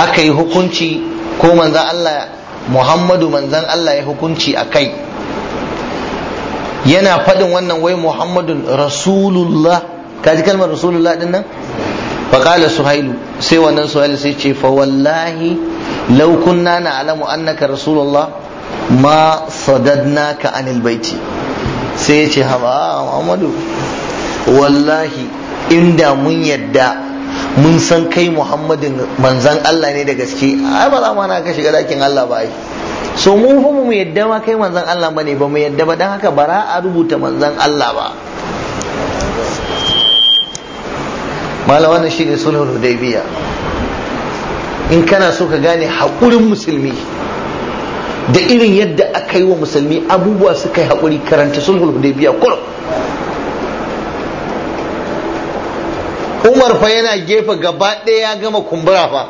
aka yi hukunci ko manzo Allah Muhammadu manzan Allah ya hukunci a kai yana faɗin wannan wai Muhammadun Rasulullah ji kalmar Rasulullah ɗin nan faƙala suhailu sai wannan suhailu sai ce fa wallahi law kunna na'lamu annaka rasulullah ma ka anil baiti sai ya ce haba Muhammadu wallahi inda mun yadda mun san kai Muhammadin manzan Allah ne da gaske ai ba za mu hana ka shiga dakin Allah ba ai so mu fa mu yadda ma kai manzan Allah bane ba mu yadda ba dan haka bara a rubuta manzan Allah ba mala wannan shine sulhul hudaybiya in kana so ka gane haƙurin musulmi da irin yadda aka yi wa musulmi abubuwa suka yi haƙuri karanta sulhul hudaybiya kurum umar fa yana gefe gaba ɗaya ya gama kumbura fa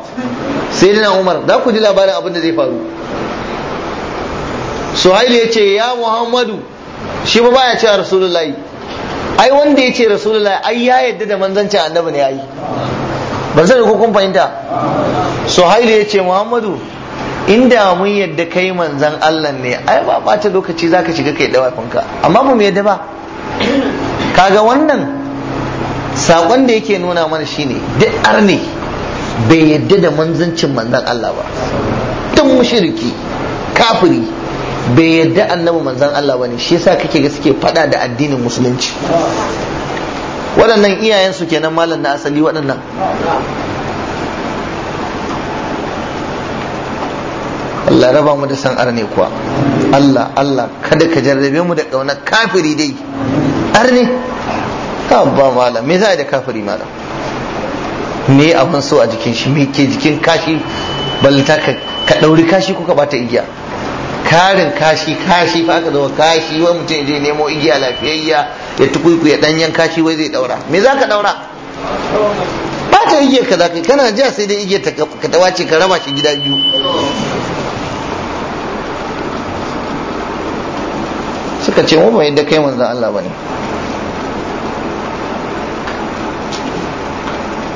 sai dina umar za ku ji labarin abin da zai faru suhail ya ce ya muhammadu shi ba ya ce rasulullahi ai wanda ya ce rasulullahi ai ya yadda da manzancin annabi ne ya yi ban sani ko kun fahimta suhail ya ce muhammadu inda mun yadda kai manzan Allah ne ai ba ɓata lokaci zaka shiga kai dawafinka amma ba mu yadda ba kaga wannan sakon da yake nuna mana shine duk arne bai yadda da manzancin manzan Allah ba tun mushriki kafiri bai yadda annabi manzan Allah bane shi yasa kake ga suke fada da addinin musulunci waɗannan iyayensu kenan malam na asali waɗannan Laraba mu da san arne kuwa Allah Allah kada ka jarrabe mu da kauna kafiri dai arne ka ba malam me za da kafiri malam me abin so a jikin shi me ke jikin kashi ballata ka dauri kashi ko ka bata igiya karin kashi kashi fa ka zama kashi wa mutum je nemo igiya lafiyayya ya tukuku ya danyen kashi wai zai daura me za ka daura ba ta igiyar ka za ka kana ja sai dai igiyar ka ta wace ka raba shi gida biyu suka ce mu bai yadda kai manzon Allah bane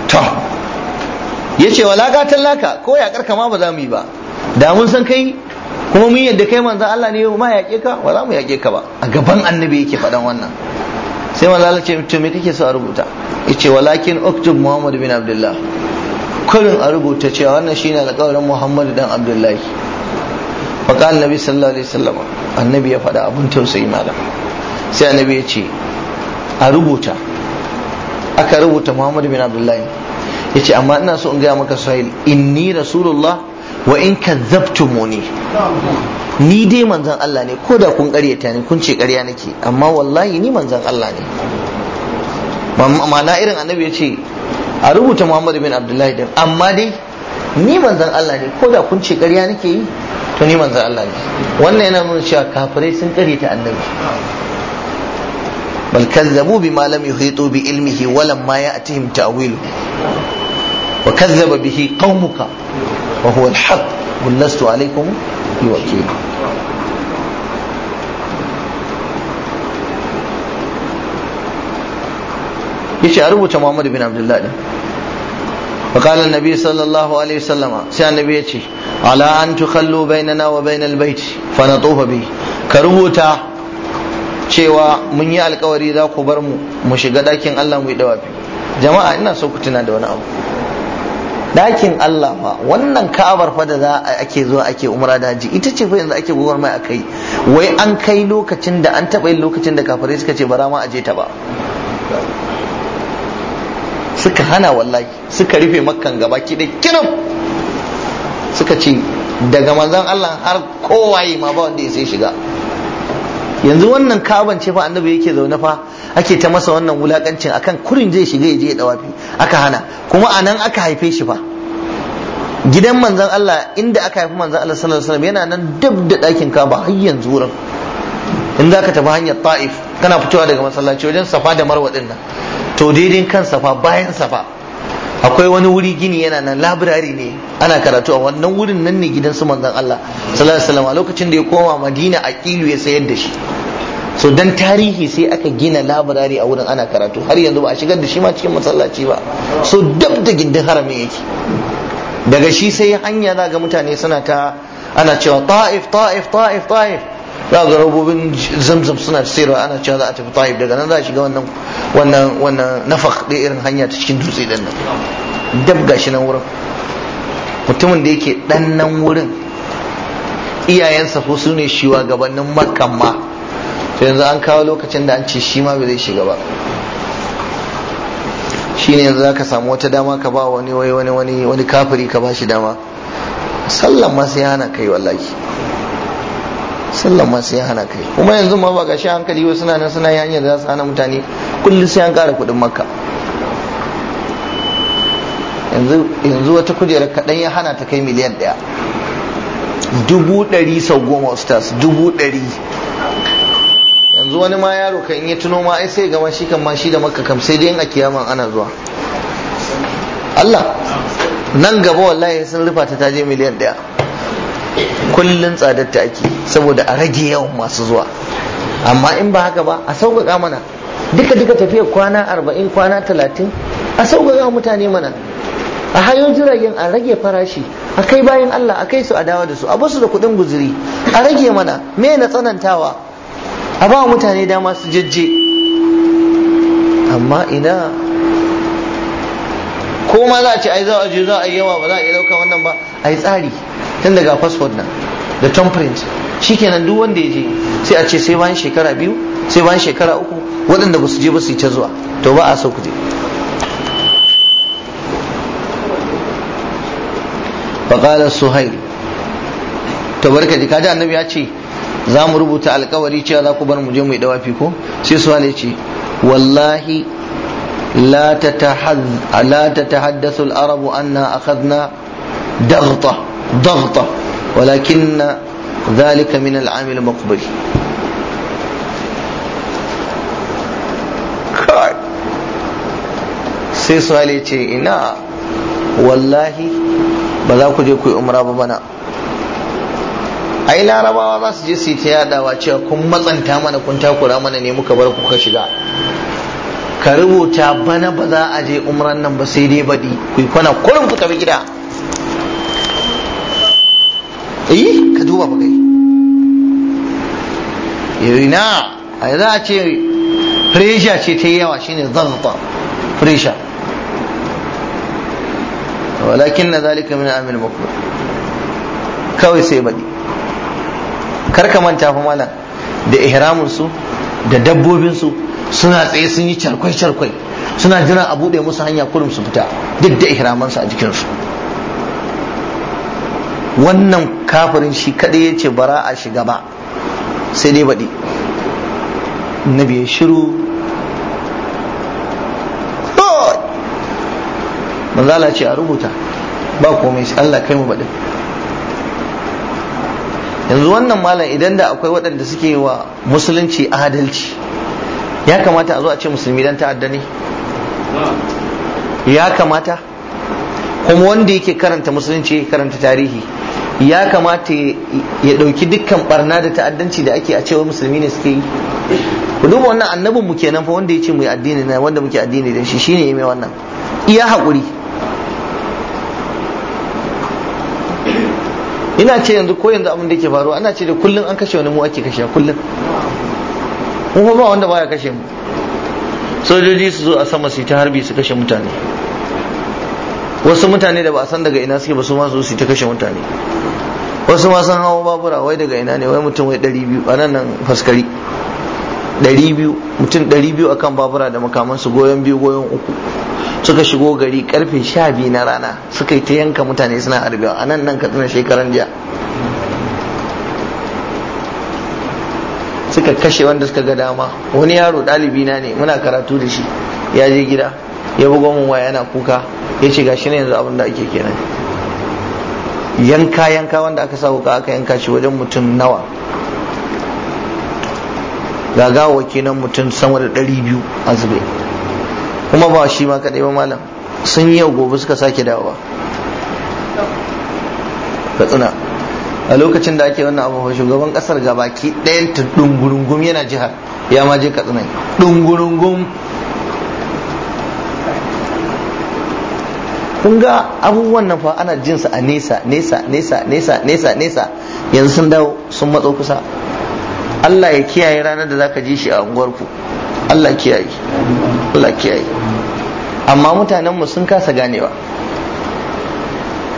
to yace wala gatan laka ko ya karka ma ba za mu yi ba da mun san kai kuma mun yadda kai manzon Allah ne ma yaƙe ka ba za mu yaƙe ka ba a gaban annabi yake faɗan wannan sai manzon ce to me kake so a rubuta yace walakin uktub Muhammad bin Abdullah kullun a rubuta cewa wannan shine alƙawarin Muhammad dan Abdullahi faƙa annabi sallallahu alaihi wasallam annabi ya faɗa abun tausayi malam sai annabi ya ce a rubuta aka rubuta muhammad bin abdullahi ya ce amma ina so in gaya maka sahil inni rasulullah wa in kadzabtumuni ni dai manzon Allah ne ko da kun ƙaryata ni kun ce ƙarya nake amma wallahi ni manzon Allah ne ma'ana irin annabi ya ce a rubuta muhammad bin abdullahi amma dai ni manzan Allah ne ko da kun ce ƙarya nake yi to ni manzan Allah ne wannan yana nuna cewa kafirai sun ƙare ta annabi bal kazzabu bima lam yuhitu bi ilmihi walam ma ya'tihim ta'wilu wa kazzaba bihi qaumuka wa huwa al-haq qul lastu alaykum biwakil yace a rubuta Muhammad bin Abdullah فقال النبي صلى الله عليه وسلم سي النبي يتي على أن تخلوا بيننا وبين البيت فنطوف به كرهوتا شيوا من yi alkawari za ku bar mu mu shiga dakin Allah mu yi dawafi jama'a ina so ku tuna da wani wannan ka'abar fa da za ake zuwa ake umra da haji ita ce fa yanzu ake gogor mai akai wai an kai lokacin da an taɓa yin lokacin da kafirai suka ce bara ma aje ta ba suka hana wallahi suka rufe makkan gaba ki da kinan suka ce daga manzon Allah har kowaye ma ba wanda ya shiga yanzu wannan kaban ce fa annabi yake zaune fa ake ta masa wannan wulakancin akan kurin zai shiga ya je ya dawafi aka hana kuma anan aka haife shi fa gidan manzon Allah inda aka haifi manzon Allah sallallahu alaihi wasallam yana nan dab da dakin kaba har yanzu wurin in za ka tafi hanyar ta'if kana fitowa daga masallaci wajen safa da marwa din nan to daidai kan safa bayan safa akwai wani wuri gini yana nan labirari ne ana karatu a wannan wurin nan ne gidan su manzon Allah sallallahu alaihi wasallam a lokacin da ya koma Madina a kilu ya sayar da shi so dan tarihi sai aka gina labirari a wurin ana karatu har yanzu ba a shigar da shi ma cikin masallaci ba so dab da gindin harami yake daga shi sai hanya za ga mutane suna ta ana cewa ta'if ta'if ta'if ta'if za ga robobin zamzam suna sayarwa ana cewa za a tafi ta'if daga nan za a shiga wannan wannan wannan nafak da irin hanya ta cikin dutse din nan dab gashi nan wurin mutumin da yake dan nan wurin iyayensa ko su ne gabanin makan ma to yanzu an kawo lokacin da an ce shi ma bai zai shiga ba shine yanzu zaka samu wata dama ka ba wani wani wani wani kafiri ka ba shi dama sallan ma sai hana kai wallahi sallan ma sai hana kai kuma yanzu ma ba gashi hankali wasu suna nan suna yanya da za su hana mutane kullum sai an kara kuɗin makka yanzu wata kujera kaɗan ya hana ta kai miliyan ɗaya dubu ɗari sau goma stars dubu ɗari yanzu wani ma yaro kan yi tuno ma ai sai gama shi kan ma shi da makka kam sai dai a kiyaman ana zuwa Allah nan gaba wallahi sun rufa ta taje miliyan ɗaya kullun tsadar ta ake saboda a rage yawan masu zuwa amma in ba haka ba a sauƙaƙa mana duka duka tafiyar kwana arba'in kwana talatin a sauƙaƙa mutane mana a hayo jiragen a rage farashi a kai bayan Allah a kai su a dawa da su a basu da kuɗin guzuri a rage mana me na tsanantawa a ba mutane dama su jajje amma ina ko ma za a ce ai za a je za a yi yawa ba za a iya ɗauka wannan ba a yi tsari tun daga passport nan da thumbprint print shikenan duk wanda ya je sai a ce sai bayan shekara biyu sai bayan shekara uku waɗanda ba su je ba su yi ta zuwa to ba a so ku je faƙala suhail tabarka ji kaji annabi ya ce za mu rubuta alkawari cewa za ku bar mu je mu yi dawafi ko sai suhail ya ce wallahi la ta tahaddasu al-arabu anna akhadna daghta ضغطة ولكن ذلك من العام المقبل sai suhali ce ina wallahi ba za ku je ku yi umra ba bana yi larabawa za su je su yi ta yadawa cewa kun matsanta mana kun takura mana ne muka bar kuka shiga ka rubuta bana ba za a je umran nan ba sai dai baɗi ku yi kwana kurin ku tafi gida eh ka duba ba kai irina a za a ce fresha ce ta yi yawa shine zarta fresha walakin na zalika min amil makul kawai sai baɗi kar ka manta fa malam da ihramunsu da dabbobinsu suna tsaye sun yi charkwai charkwai suna jiran a buɗe musu hanya kurum su fita duk da ihramansu a jikinsu wannan kafirin shi kadai ya ce bara a shiga ba sai dai baɗi nabi ya shiru manzala ce a rubuta ba komai sai Allah kai mu baɗin yanzu wannan malam idan da akwai waɗanda suke wa musulunci adalci ya kamata a zo a ce musulmi dan ta'adda ne ya kamata kuma wanda yake karanta musulunci yake karanta tarihi ya kamata ya ɗauki dukkan barna da ta'addanci da ake a cewa musulmi ne suke yi ku duba wannan annabin mu kenan fa wanda ya ce mu addini na wanda muke addini da shi shine mai wannan iya haƙuri ina ce yanzu ko yanzu abin da ke faruwa ana ce da kullum an kashe wani mu ake kashe kullum mu ba wanda baya kashe mu sojoji su zo a sama su ta harbi su kashe mutane wasu mutane da ba a san daga ina suke ba su masu su ta kashe mutane wasu ma san hawa babura wai daga ina ne wai mutum wai ɗari biyu a nan nan faskari ɗari biyu mutum ɗari biyu akan babura da makamansu goyon biyu goyon uku suka shigo gari karfe sha biyu na rana suka yi ta yanka mutane suna arbiya a nan nan katsina shekaran jiya suka kashe wanda suka ga dama wani yaro ɗalibi na ne muna karatu da shi ya je gida ya bugon mun waya yana kuka ya ce gashi ne yanzu abin da ake kenan yanka yanka wanda aka sa wuka aka yanka shi wajen mutum nawa gagawa kenan mutum sama da ɗari biyu a zube kuma ba shi ma kaɗai ba malam sun yi yau gobe suka sake dawowa katsina a lokacin da ake wannan abubuwa shugaban kasar baki ɗayan ta dungurungum yana jihar ya ma je katsina dungurungum kun ga abubuwan nan fa ana jinsa a nesa nesa nesa nesa nesa nesa yanzu sun dawo sun matso kusa Allah ya kiyaye ranar da zaka ji shi a unguwarku Allah kiyaye Allah kiyaye amma mutanen mu sun kasa ganewa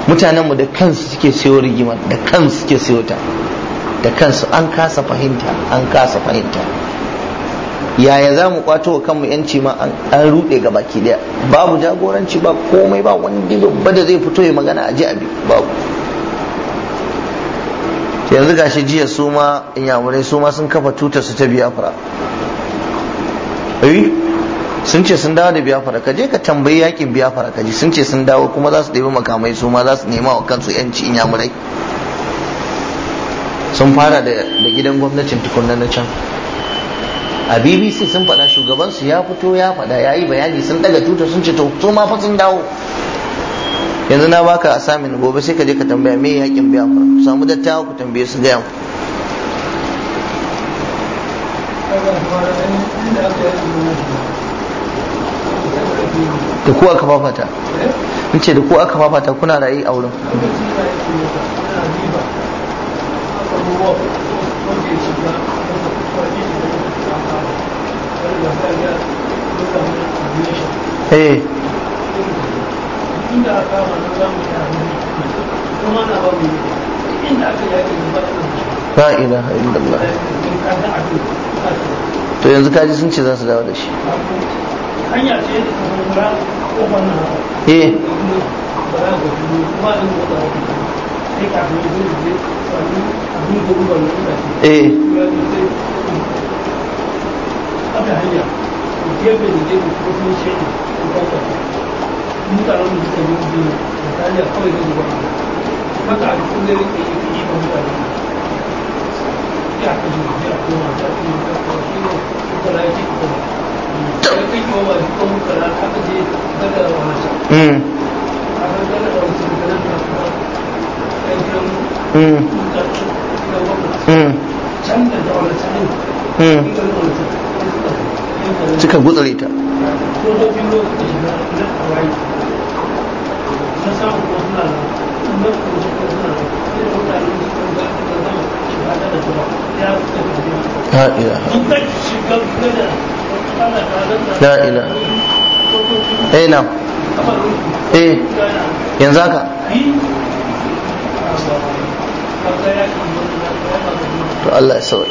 mutanen mu da kansu suke siyo rigimar da kansu suke siyo ta da kansu an kasa fahimta an kasa fahimta yaya za mu kwato kanmu yanci ma an rude ga baki daya babu jagoranci ba komai ba wani babba da zai fito ya magana a ji abi babu yanzu gashi jiya su ma inyamurai su ma sun kafa tuta su ta biyafra eh? sun ce sun dawo da biyafra ka je ka tambayi yakin biyafra ka ji sun ce sun dawo kuma za su ɗebi makamai su ma za su nema wa kansu yanci inyamurai sun fara da gidan gwamnatin tukunan na can a bbc sun faɗa shugabansu ya fito ya faɗa ya yi bayani sun daga tuta sun ce to su ma fa sun dawo yanzu na baka a samin gobe sai ka je ka tambaya me yakin biya ku samu dattawa ku tambaye su gaya da ku aka fafata in ce da ku aka fafata kuna rayu a wurin eh la ilaha illallah eh, eh, to yanzu kaji sun ce za su dawo da shi eh eh 아에 하냐 그 뒤에 이제 무슨 시에 못할까 인사는 무슨 용기 달려 서제는거 맞다 아주 군대를 이 뭔가 이 앞에 좀 이제 앞에 맞아 이거 음. 이거 라이트 있고 음. 음. 음. 음. suka gutsure ta la ila eh na eh yanzu haka to Allah ya sauya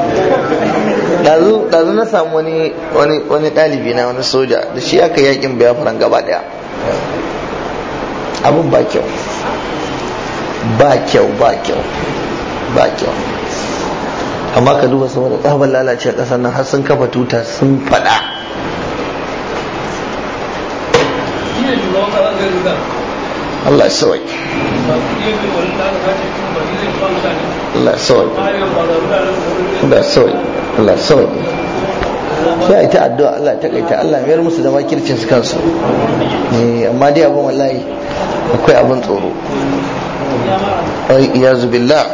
ɗazu na samu wani wani dalibi na wani soja da shi aka yakin bayafaran gaba daya Abun ba kyau ba kyau ba kyau ba kyau amma ka duba saboda tsabar lalace a ƙasar nan har sun kafa tuta sun faɗa Allah sawai Allah sawai Allah sawai Allah sauki sai ita addu'a Allah ta kaita Allah yar musu da makircin su kansu eh amma dai abun wallahi akwai abun tsoro ai iyazu billah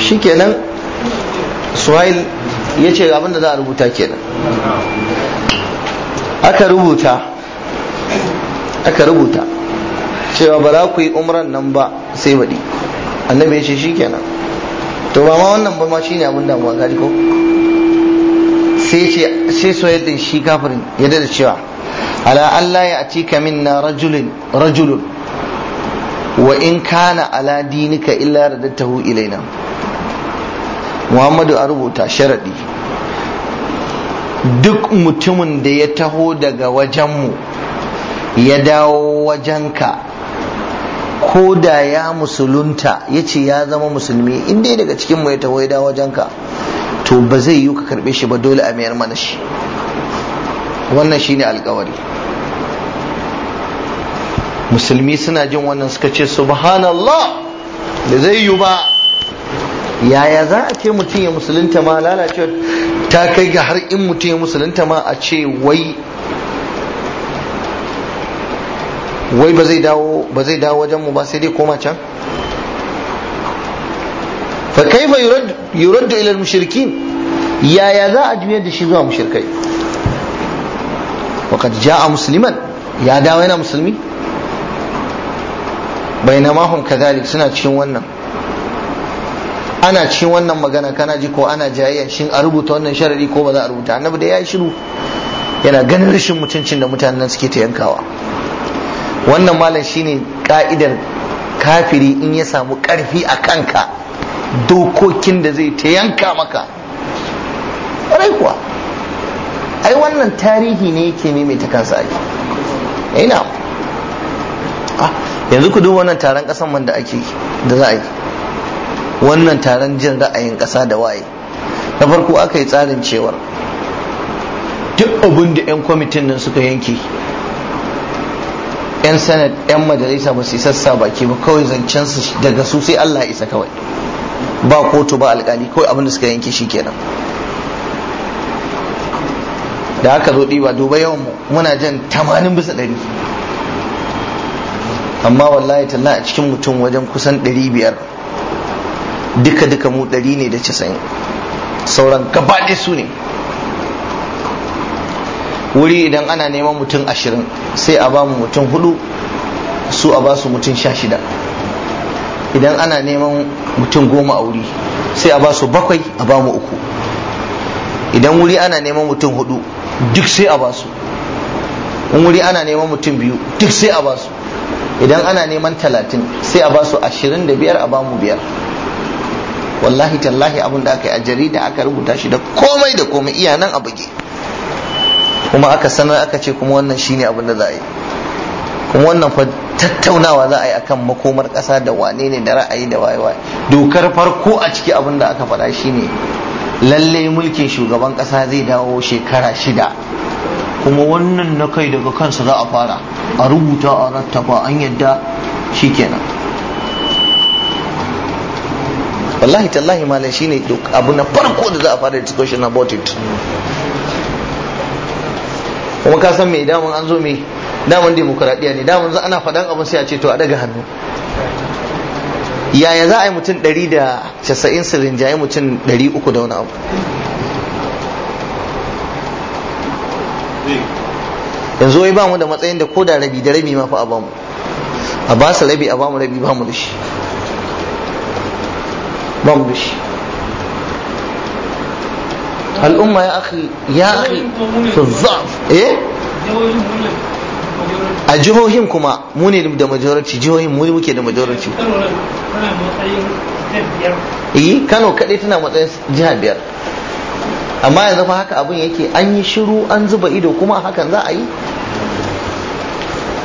shikenan suhail ya ce abin da za a rubuta kenan aka rubuta aka rubuta cewa ba za ku yi umran nan ba sai baɗi annabi ya ce shi kenan. to ba ma wannan ba ma shine abin damuwa gari ko sai ce sai so yadda shi kafirin yadda da cewa ala Allah ya ka minna rajulin rajulun wa in kana ala dinika illa radatahu ilaina Muhammadu a rubuta sharadi duk mutumin da ya taho daga wajenmu ya dawo wajenka ko da ya musulunta ya ce ya zama musulmi inda dai daga cikin mai tawai da wajenka wajen ka to ba zai yiwu ka karbe shi ba dole a mayar mana shi wannan shine alkawari musulmi suna jin wannan suka ce subhanallah da zai yiwu ba yaya za a ce mutum ya musulunta ma lalacewa ta kai ga har in mutum ya musulunta ma a ce wai wai ba zai dawo ba zai dawo wajen mu ba sai dai koma can fa kaifa yuraddu ila al-mushrikin yaya za a juyar da shi zuwa mushrikai وقد jaa musliman ya dawo yana musulmi bainama hum kadhalik suna cikin wannan ana cikin wannan magana kana ji ko ana jayayya shin a rubuta wannan sharadi ko ba za a rubuta annabi da ya shiru yana ganin rashin mutuncin da mutanen suke ta yankawa wannan malam shine ka'idar kafiri in ya samu karfi a kanka dokokin da zai ta yanka maka ƙwarai kuwa ai wannan tarihi ne yake maimaita kansa ake eh, ina ah, yanzu ku duk wannan taron ƙasan man da ake da za a yi wannan taron jin ra'ayin ƙasa da waye na farko aka yi tsarin cewar duk abin da 'yan kwamitin nan suka yanke yan sanad yan majalisa ba su sassa baki ba kawai zancen su daga su sai Allah isa kawai ba kotu ba alkali kawai abin da suka yanke shi kenan da aka zo ba duba yawan muna jan tamanin bisa ɗari amma wallahi talla a cikin mutum wajen kusan ɗari biyar duka duka mu ɗari ne da casa'in sauran gaba su ne wuri idan ana neman mutum ashirin sai a ba mu mutum hudu su a ba su mutum sha shida idan ana neman mutum goma a wuri sai a ba su bakwai a ba mu uku idan wuri ana neman mutum hudu duk sai a ba su in wuri ana neman mutum biyu duk sai a ba su idan ana neman talatin sai a ba su ashirin da biyar a ba mu biyar wallahi tallahi abin da aka yi a jarida aka rubuta shi da komai da komai iya nan a buge kuma aka sanar aka ce kuma wannan shine abin da za a yi kuma wannan fa tattaunawa za a yi akan makomar ƙasa da wane ne da ra'ayi da waye dokar farko a ciki abin da aka faɗa shine lalle mulkin shugaban ƙasa zai dawo shekara shida kuma wannan na kai daga kansa za a fara a rubuta a rattaba an yadda shikenan wallahi tallahi malai shine abu na farko da za a fara discussion about it kuma ka san me damun an zo me damun demokuraɗiyya ne damun ana faɗan abin sai a ce to a daga hannu yaya za a yi mutum 190 su rinjaye mutum 300 da wani abu yanzu wai ba mu da matsayin da ko da rabi da rabi ma fa a bamu a ba su rabi a bamu rabi mu da shi bamu da shi al'umma ya akhi ya akhi fi eh? a jihohin kuma mu ne da majority jihohin mu ne muke da majority eh, Kano kadai tana matsayin jiha biyar amma yanzu fa haka abin yake an yi shiru an zuba ido kuma hakan za a yi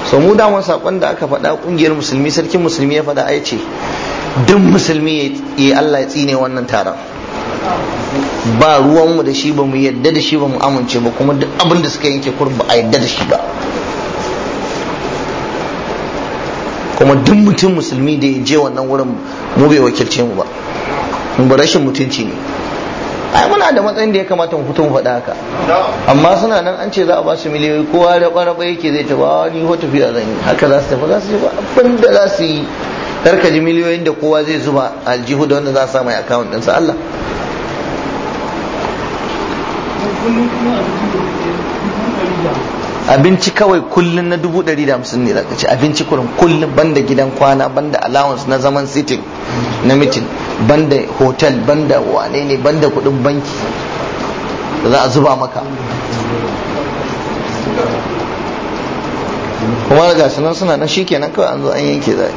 so mu damar sakon da aka faɗa ƙungiyar musulmi sarkin musulmi ya faɗa ai ce duk musulmi ya Allah ya tsine wannan taron ba ruwanmu da shi ba mu yadda da shi ba mu amince ba kuma duk abin da suka yanke kurba a yadda da shi ba kuma duk mutum musulmi da ya je wannan wurin mu bai wakilce mu ba ba rashin mutunci ne ai muna da matsayin da ya kamata mu fito mu faɗa haka amma suna nan an ce za a ba su miliyoyi kowa da ƙwararra yake zai ta ba ni ko tafiya zan yi haka za su tafi za su yi ba abin da za su yi kar ka ji miliyoyin da kowa zai zuba aljihu da wanda za a samu mai akawun ɗinsa Allah abinci kawai kullum na dubu ɗari da hamsin ne zaka ci abinci kullum kullum banda gidan kwana banda allowance na zaman sitting na mitin banda hotel banda wane ne banda kuɗin banki da za a zuba maka kuma da gasu nan suna nan kenan kawai an zo an yanke zai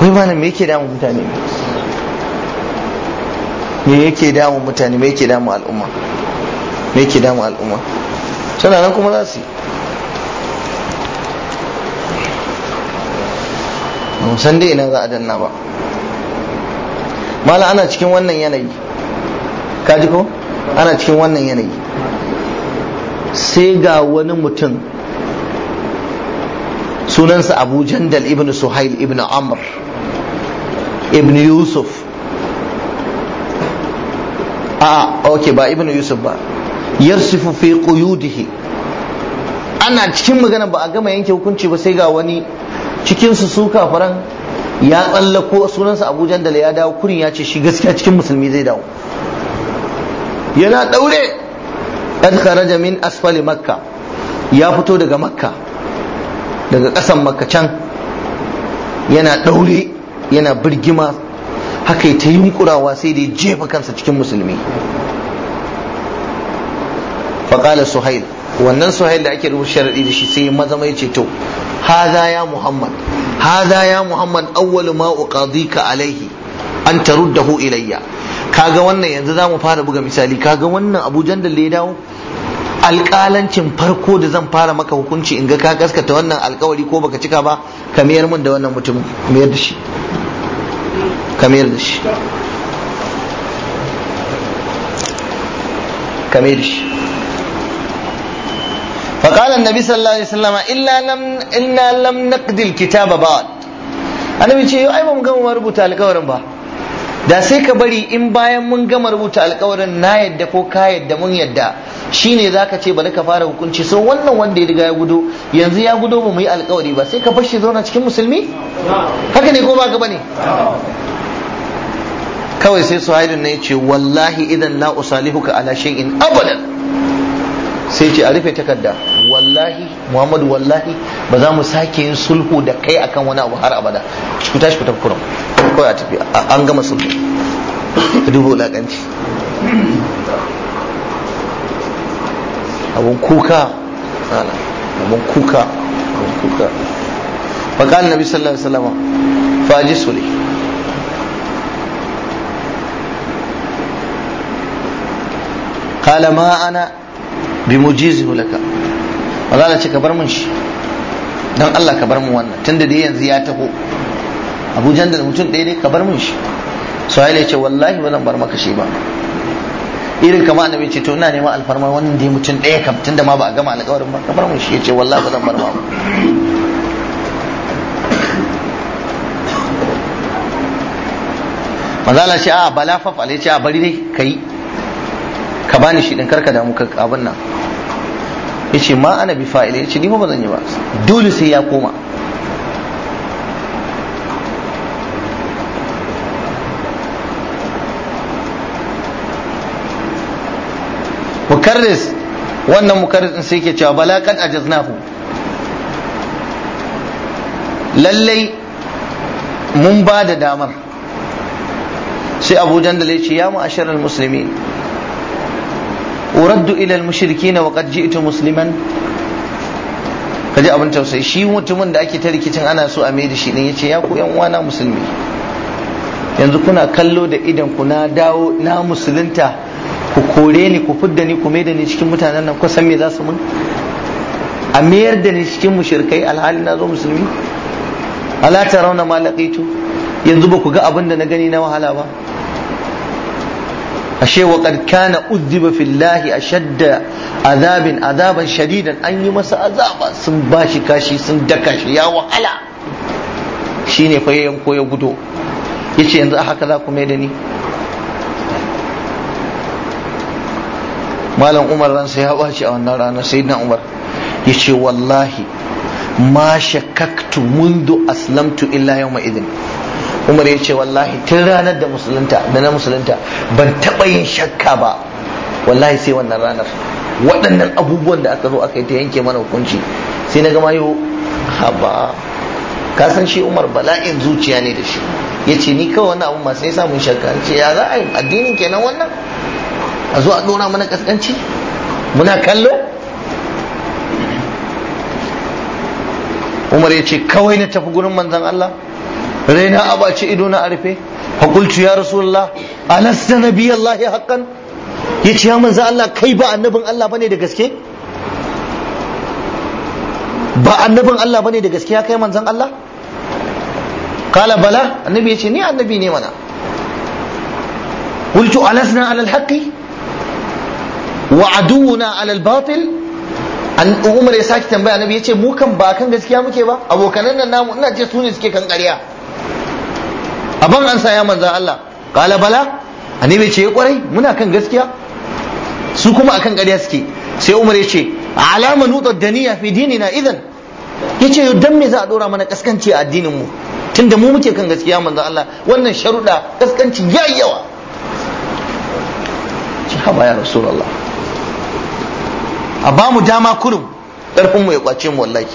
wai malam me yake damun mutane me yake damu mutane me yake damu al'umma me yake damu al'umma suna nan kuma za su yi san dai ina za a danna ba mala ana cikin wannan yanayi kaji ko ana cikin wannan yanayi sai ga wani mutum sunansa abu jandal ibn suhail ibn amr ibn yusuf a ok ba ibnu yusuf ba yarsifu fi quyudihi ana cikin magana ba a gama yanke hukunci ba sai ga wani cikin su su kafaran ya tsallako sunansa Abu Jandal ya dawo kurin ya ce shi gaskiya cikin musulmi zai dawo yana daure qad kharaja min asfali makka ya fito daga makka daga ƙasan makka can yana daure yana birgima haka ya ta yunkurawa sai da ya jefa kansa cikin musulmi faƙalar suhail wannan suhail da ake rubuta sharaɗi da shi sai ya maza mai ce to haza ya muhammad haza ya muhammad awwalu ma uqadika alaihi an taruddahu ilayya kaga wannan yanzu za mu fara buga misali kaga wannan abu jandal da ya dawo alƙalancin farko da zan fara maka hukunci in ga ka gaskata wannan alƙawari ko baka cika ba ka miyar mun da wannan mutum miyar da shi kamar da shi kamar da shi فقال النبي صلى الله عليه وسلم إلا لم إنا لم نقد الكتاب بعد annabi ce ai gama rubuta alƙawarin ba da sai ka bari in bayan mun gama rubuta alƙawarin na yadda ko ka yadda mun yadda shine zaka ce bari ka fara hukunci so wannan wanda ya riga ya gudo yanzu ya gudo ba mu yi alƙawari ba sai ka fashi zo zauna cikin musulmi haka ne ko ba ka bane kawai sai suhailun ne ce wallahi idan la usalihuka ala shay'in abadan sai ce a rufe takarda wallahi muhammadu wallahi ba za mu sake yin sulhu da kai akan wani abu har abada ku tashi ku tafi kurum kawai a tafi an gama sulhu ku dubo lakanci abun kuka abun kuka abun kuka فقال annabi صلى الله عليه وسلم فاجسه لي قال ما انا بمجيزه لك Allah ce ka bar mun shi الله Allah ka bar wannan tunda da yanzu ya taho Abu Jandal mutum ɗaya ne ka bar mun shi Suhail ya ce wallahi ba zan bar maka shi ba irin kama annabi ce to ina neman alfarma wannan dai mutum ɗaya kam tunda ma ba a gama alƙawarin ba ka bar mun shi ya ce wallahi ba zan bar ma manzala ce a balafaf alai ce a bari dai ka yi ka bani shi din karka damu ka abin nan yace ma ana bi fa'ila yace ni ba zan yi ba dole sai ya koma mukarris wannan mukarris din sai yake cewa balaqat ajaznahu lallai mun ba da damar sai abu jandale ya ce ya ma'asharar musulmi uraddu ila al-mushrikin wa qad ji'tu musliman kaji abin tausayi shi mutumin da ake ta rikicin ana so a da shi ne yace ya ku yan uwana musulmi yanzu kuna kallo da idan ku na dawo na musulunta ku kore ni ku fidda ni ku maida ni cikin mutanen nan kusan me za su mun a mayar da ni cikin mushrikai alhali na zo musulmi ala tarawna ma laqitu yanzu ba ku ga abin da na gani na wahala ba ashe wa kana Uzziba fillahi ashadda azabin azaban shadidan an yi masa azaba sun bashi kashi sun daka shi ya wahala shine fa ya yanko ya gudo yace yanzu a haka za ku mai da ni malam umar ransa ya ɓaci a wannan ranar sayyidina umar yace wallahi ma shakaktu mundu aslamtu illa yawma idin umar ya ce wallahi tun ranar da musulunta da na musulunta ban taɓa yin shakka ba wallahi sai wannan ranar waɗannan abubuwan da aka zo aka yi ta yanke mana hukunci sai na gama yau haba ka san shi umar bala'in zuciya ne da shi ya ce ni kawai wani abun masu samun shakka ce ya za a yi addinin kenan wannan a zo a ɗora mana ƙasƙanci? muna kallo umar ya ce kawai na tafi gurin manzan Allah raina a baci ido na a haƙultu ya rasulullah alasta biya Allah haƙan ya ce ya manza Allah kai ba annabin Allah bane da gaske ba annabin Allah bane da gaske ya kai manzan Allah kala bala annabi ya ce ni annabi ne mana qultu alasna ala alhaqi wa aduwuna ala albatil an umar ya sake tambaya annabi ya ce mu kan ba kan gaskiya muke ba abokanan na namu ina ce su ne suke kan karya. abin an sa ya manzan Allah kala bala a annabi ce ya eh, kwarai muna kan gaskiya su kuma akan ƙarya suke sai Umar ya ce alama nutar niya fi dini na idan ya ce dan me za a dora mana kaskanci a addinin mu tunda mu muke kan gaskiya manzan Allah wannan sharuɗa kaskanci yi yawa haba ya Allah a ba mu dama kurum ƙarfin mu ya kwace mu wallahi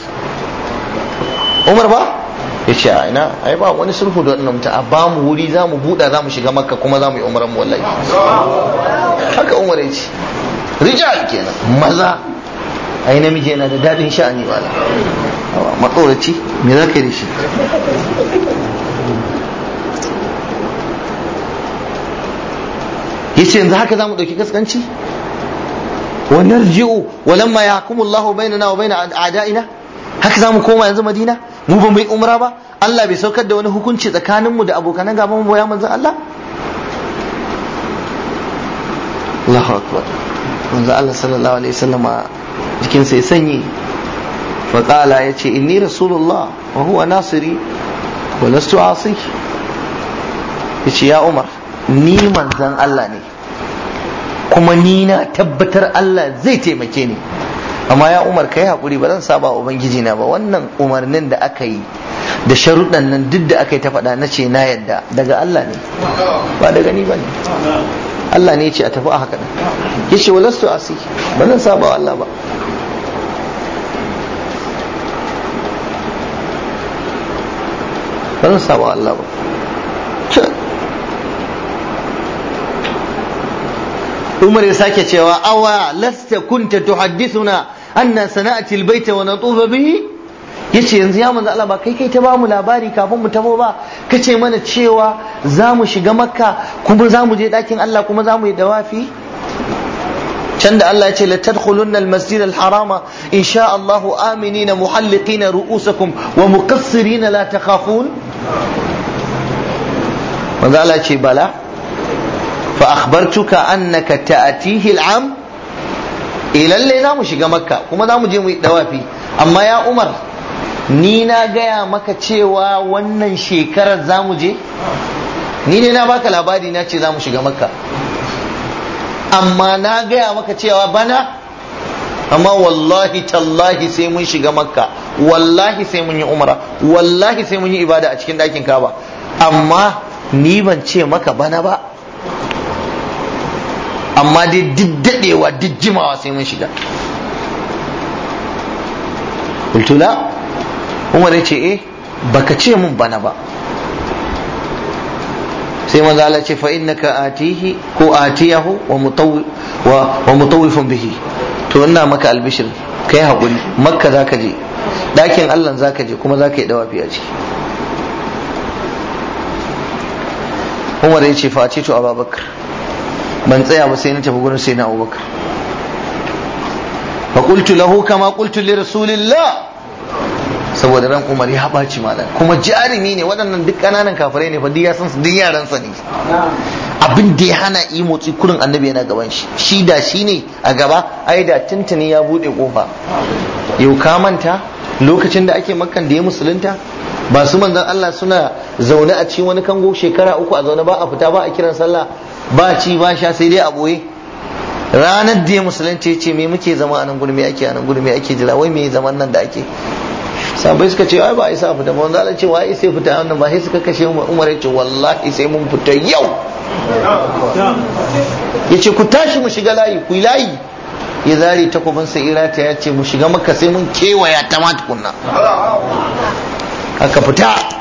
umar ba ya ce a ina ai ba wani sulhu da wannan mutum a ba mu wuri za mu buɗa za mu shiga makka kuma za mu yi umaran mu wallahi haka umar ya ce rijal kenan maza ai namiji yana da daɗin sha'ani ba matsoraci me za ka yi da shi ce yanzu haka zamu ɗauki kaskanci wa narji'u walamma yahkumu Allahu bainana wa bain a'da'ina haka zamu koma yanzu Madina mu ba mai umra ba Allah bai saukar da wani hukunci tsakaninmu da abokan gaban mu ya manzo Allah Allahu akbar manzo Allah sallallahu alaihi wasallama jikinsa ya sanyi fa qala yace inni rasulullah wa huwa nasiri wa lastu asi yace ya Umar ni manzon Allah ne kuma ni na tabbatar Allah zai taimake ni amma ya umar kai hakuri ba zan saba ubangiji na ba wannan umarnin da aka yi da sharuɗan nan duk da aka yi ta faɗa na ce na yadda daga Allah ne ba daga ni ba ne Allah ne ya ce a tafi a haka nan yace walastu asi ba zan saba wa Allah ba ba zan saba wa Allah ba umar ya sake cewa awa lasta kunta tuhaddithuna anna sana'atil baita wa natufa bihi yace yanzu ya manzo Allah ba kai kai ta ba mu labari kafin mu taho ba kace mana cewa za mu shiga makka kuma za mu je dakin Allah kuma za mu yi dawafi can da Allah ya ce latadkhulunna almasjid alharama insha Allah aminina muhalliqina ru'usakum wa muqassirina la takhafun manzo Allah ce bala fa akhbartuka annaka ta'tihi al'am eh lalle za mu shiga makka kuma za mu je mu yi dawafi amma ya umar ni na gaya maka cewa wannan shekarar za mu je ni ne na baka labari na ce za mu shiga makka amma na gaya maka cewa bana amma wallahi tallahi sai mun shiga makka wallahi sai mun yi umra wallahi sai mun yi ibada a cikin ɗakin kaba amma ni ban ce maka bana ba amma dai duk dadewa duk jimawa sai mun shiga la umar ya ce eh baka ce mun bana ba sai maza Allah ce fa innaka atihi ko atiyahu wa mutawwi wa mutawwifun bihi to ina maka albishir kai hakuri makka zaka je dakin Allah zaka je kuma zaka yi dawafi a ciki Umar ya ce fa ce to Abubakar ban tsaya ba sai na tafi gurin sai na abubakar fa qultu lahu kama qultu li rasulillah saboda ran umar ya ɓaci malam kuma jarumi ne waɗannan duk ƙananan kafirai ne fa duk ya san su duk yaran sa ne abin da ya hana yi motsi kurin annabi yana gaban shi shi da shi ne a gaba ai da tuntuni ya buɗe kofa yau ka manta lokacin da ake makan da ya musulunta ba su manzon Allah suna zaune a cikin wani kango shekara uku a zaune ba a fita ba a kiran sallah ba ci ba sha sai dai a ranar da ya musulunci ce me muke zama a nan gudu me ake a nan gudu me ake jira wai me zaman nan da ake sabai suka ce ai ba isa fita ba wanda ce wai sai fita wannan ba sai suka kashe mu Umar ya ce wallahi sai mun fita yau ya ce ku tashi mu shiga layi ku layi ya zari takobin sa irata ya ce mu shiga maka sai mun kewaya ta ma tukunna aka fita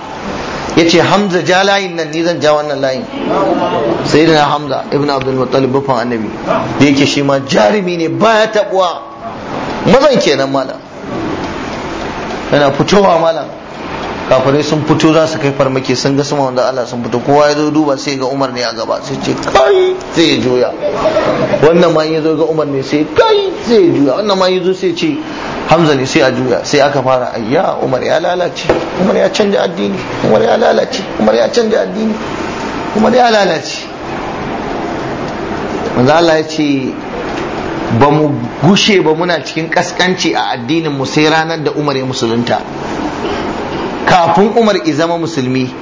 ya ce hamza ja layin nan ni zan ja wannan layin sai na hamza ibn abdul muttalib bufan annabi da yake shi ma jarumi ne baya tabuwa mazan kenan malam yana fitowa malam kafirai sun fito za su kai farmaki sun ga sama wanda Allah sun fito kowa ya zo duba sai ga Umar ne a gaba sai ce kai sai ya juya wannan ma ya zo ga Umar ne sai kai sai ya juya wannan ma ya zo sai ce Hamza ne sai a juya sai aka fara ayya Umar ya lalace Umar ya canja addini Umar ya lalace Umar ya canja addini Umar ya lalace manzo Allah ya ce ba mu gushe ba muna cikin kaskanci a addinin mu sai ranar da Umar ya musulunta kafin umar zama musulmi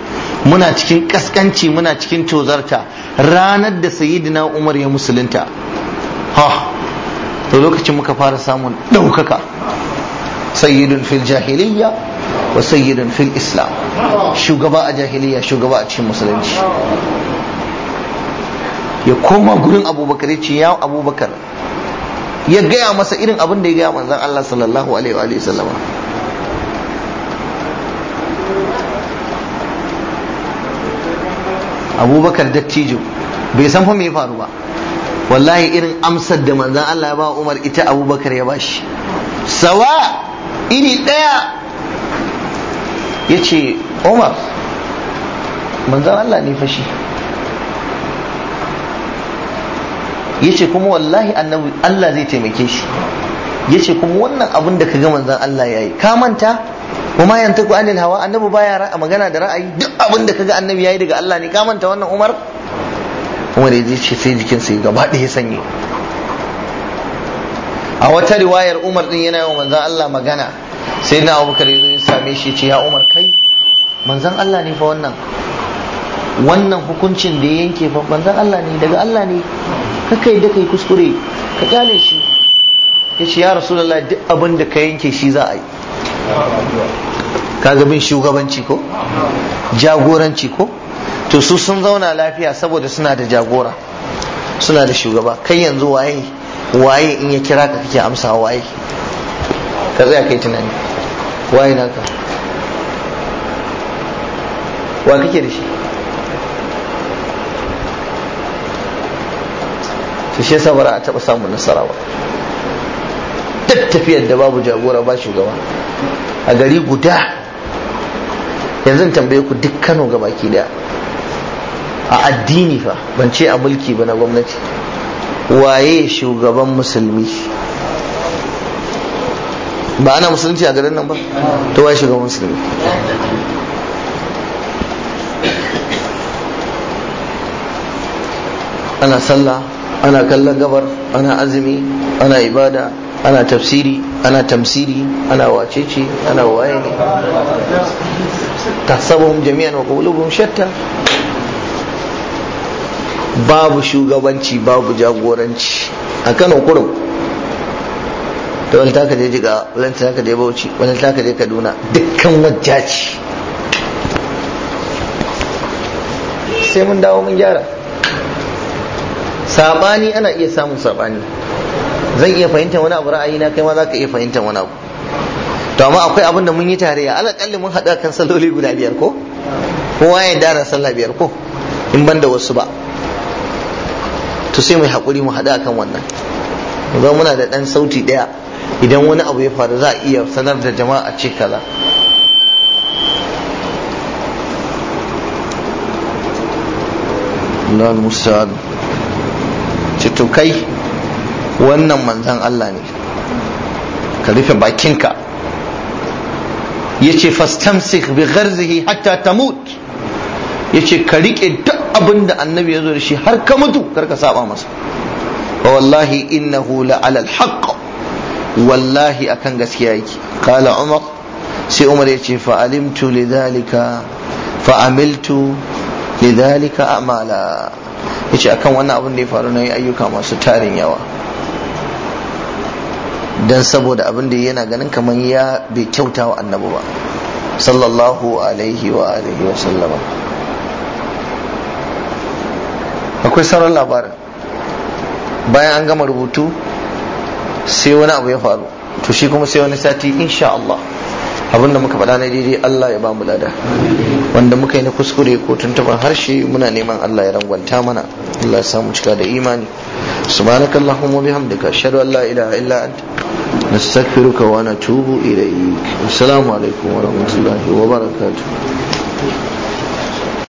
muna cikin kaskanci muna cikin tozarta ranar da sayyidina umar ya musulunta ha to lokacin muka fara samun ɗaukaka sayyidun fil jahiliya wa sayyidun fil islam shugaba a jahiliya shugaba a cikin musulunci ya koma gurin abubakar ya ce ya abubakar ya gaya masa irin abin da ya gaya manzan allah sallallahu alaihi wa sallama abubakar dattijo bai san fa me ya faru ba wallahi irin amsar da manzan Allah ya ba Umar ita abubakar ya bashi sawa iri ɗaya ya ce Umar manzan Allah ne fashi ya ce kuma wallahi annabi Allah zai taimake shi ya ce kuma wannan abin da ka ga manzan Allah ya yi ka manta kuma ma yantaku anil hawa annabi baya ra'a magana da ra'ayi duk abin da kaga annabi yayi daga Allah ne ka manta wannan Umar Umar ya ce sai jikin sa gaba ɗaya sanye a wata riwayar Umar din yana yawan manzon Allah magana sai na Abubakar ya zo ya same shi ce ya Umar kai manzon Allah ne fa wannan wannan hukuncin da ya yanke fa manzon Allah ne daga Allah ne kai da kai kuskure ka kyale shi ya ce ya rasulullahi duk abin da ka yanke shi za a yi kaga bin shugabanci ko jagoranci ko to su sun zauna lafiya saboda suna da jagora suna da shugaba kai yanzu waye waye in ya kira ka kake amsa waye ka tsaya kai tunani waye naka wa kake da shi to shi sabara a taba samun nasara ba duk tafiyar da babu jagora ba shugaba a gari guda yanzu tambaye ku duk kano ga baki daya a addini fa ban ce a mulki ba na gwamnati waye shugaban musulmi ba ana musulunci a garin nan ba to waye shugaban musulmi ana sallah ana kallon gabar ana azumi ana ibada ana tafsiri ana tamsiri ana wacece ana waye ne tahsabuhum jami'an wa qulubuhum shatta babu shugabanci babu jagoranci a Kano kurum To wani taka je jiga wani taka je bauchi wani taka je kaduna dukkan wajjaci sai mun dawo mun gyara sabani ana iya samun sabani zan iya fahimtar wani abu ra'ayina kai ma za ka iya fahimtar wani abu to amma akwai abin da mun yi tare a alaƙalli mun haɗu kan salloli guda biyar ko kowa ya dara sallah biyar ko in ban da wasu ba to sai mai haƙuri mu haɗu kan wannan za muna da ɗan sauti ɗaya idan wani abu ya faru za a iya sanar da jama'a ce kaza Allah al-musta'an ce to kai wannan manzan Allah ne ka rufe bakinka yace fastamsik bi gharzihi hatta tamut ce ka rike duk abin da annabi ya zo da shi har ka mutu kar ka saba masa wa wallahi innahu la alal alhaq wallahi akan gaskiya yake qala umar sai umar ce fa alimtu lidhalika fa amiltu lidhalika amala yace akan wannan abin da ya faru na yi ayyuka masu tarin yawa dan saboda abin da yana ganin kamar ya bai kyauta wa annabi ba sallallahu alaihi wa alihi wa sallama akwai sauran labarin bayan an gama rubutu sai wani abu ya faru to shi kuma sai wani sati insha Allah abinda muka faɗa na daidai Allah ya bamu lada wanda muka yi na kuskure ko tuntuban harshe muna neman Allah ya rangwanta mana Allah ya samu cika da imani سبحانك اللهم وبحمدك أشهد أن لا إله إلا أنت نستغفرك ونتوب إليك السلام عليكم ورحمة الله وبركاته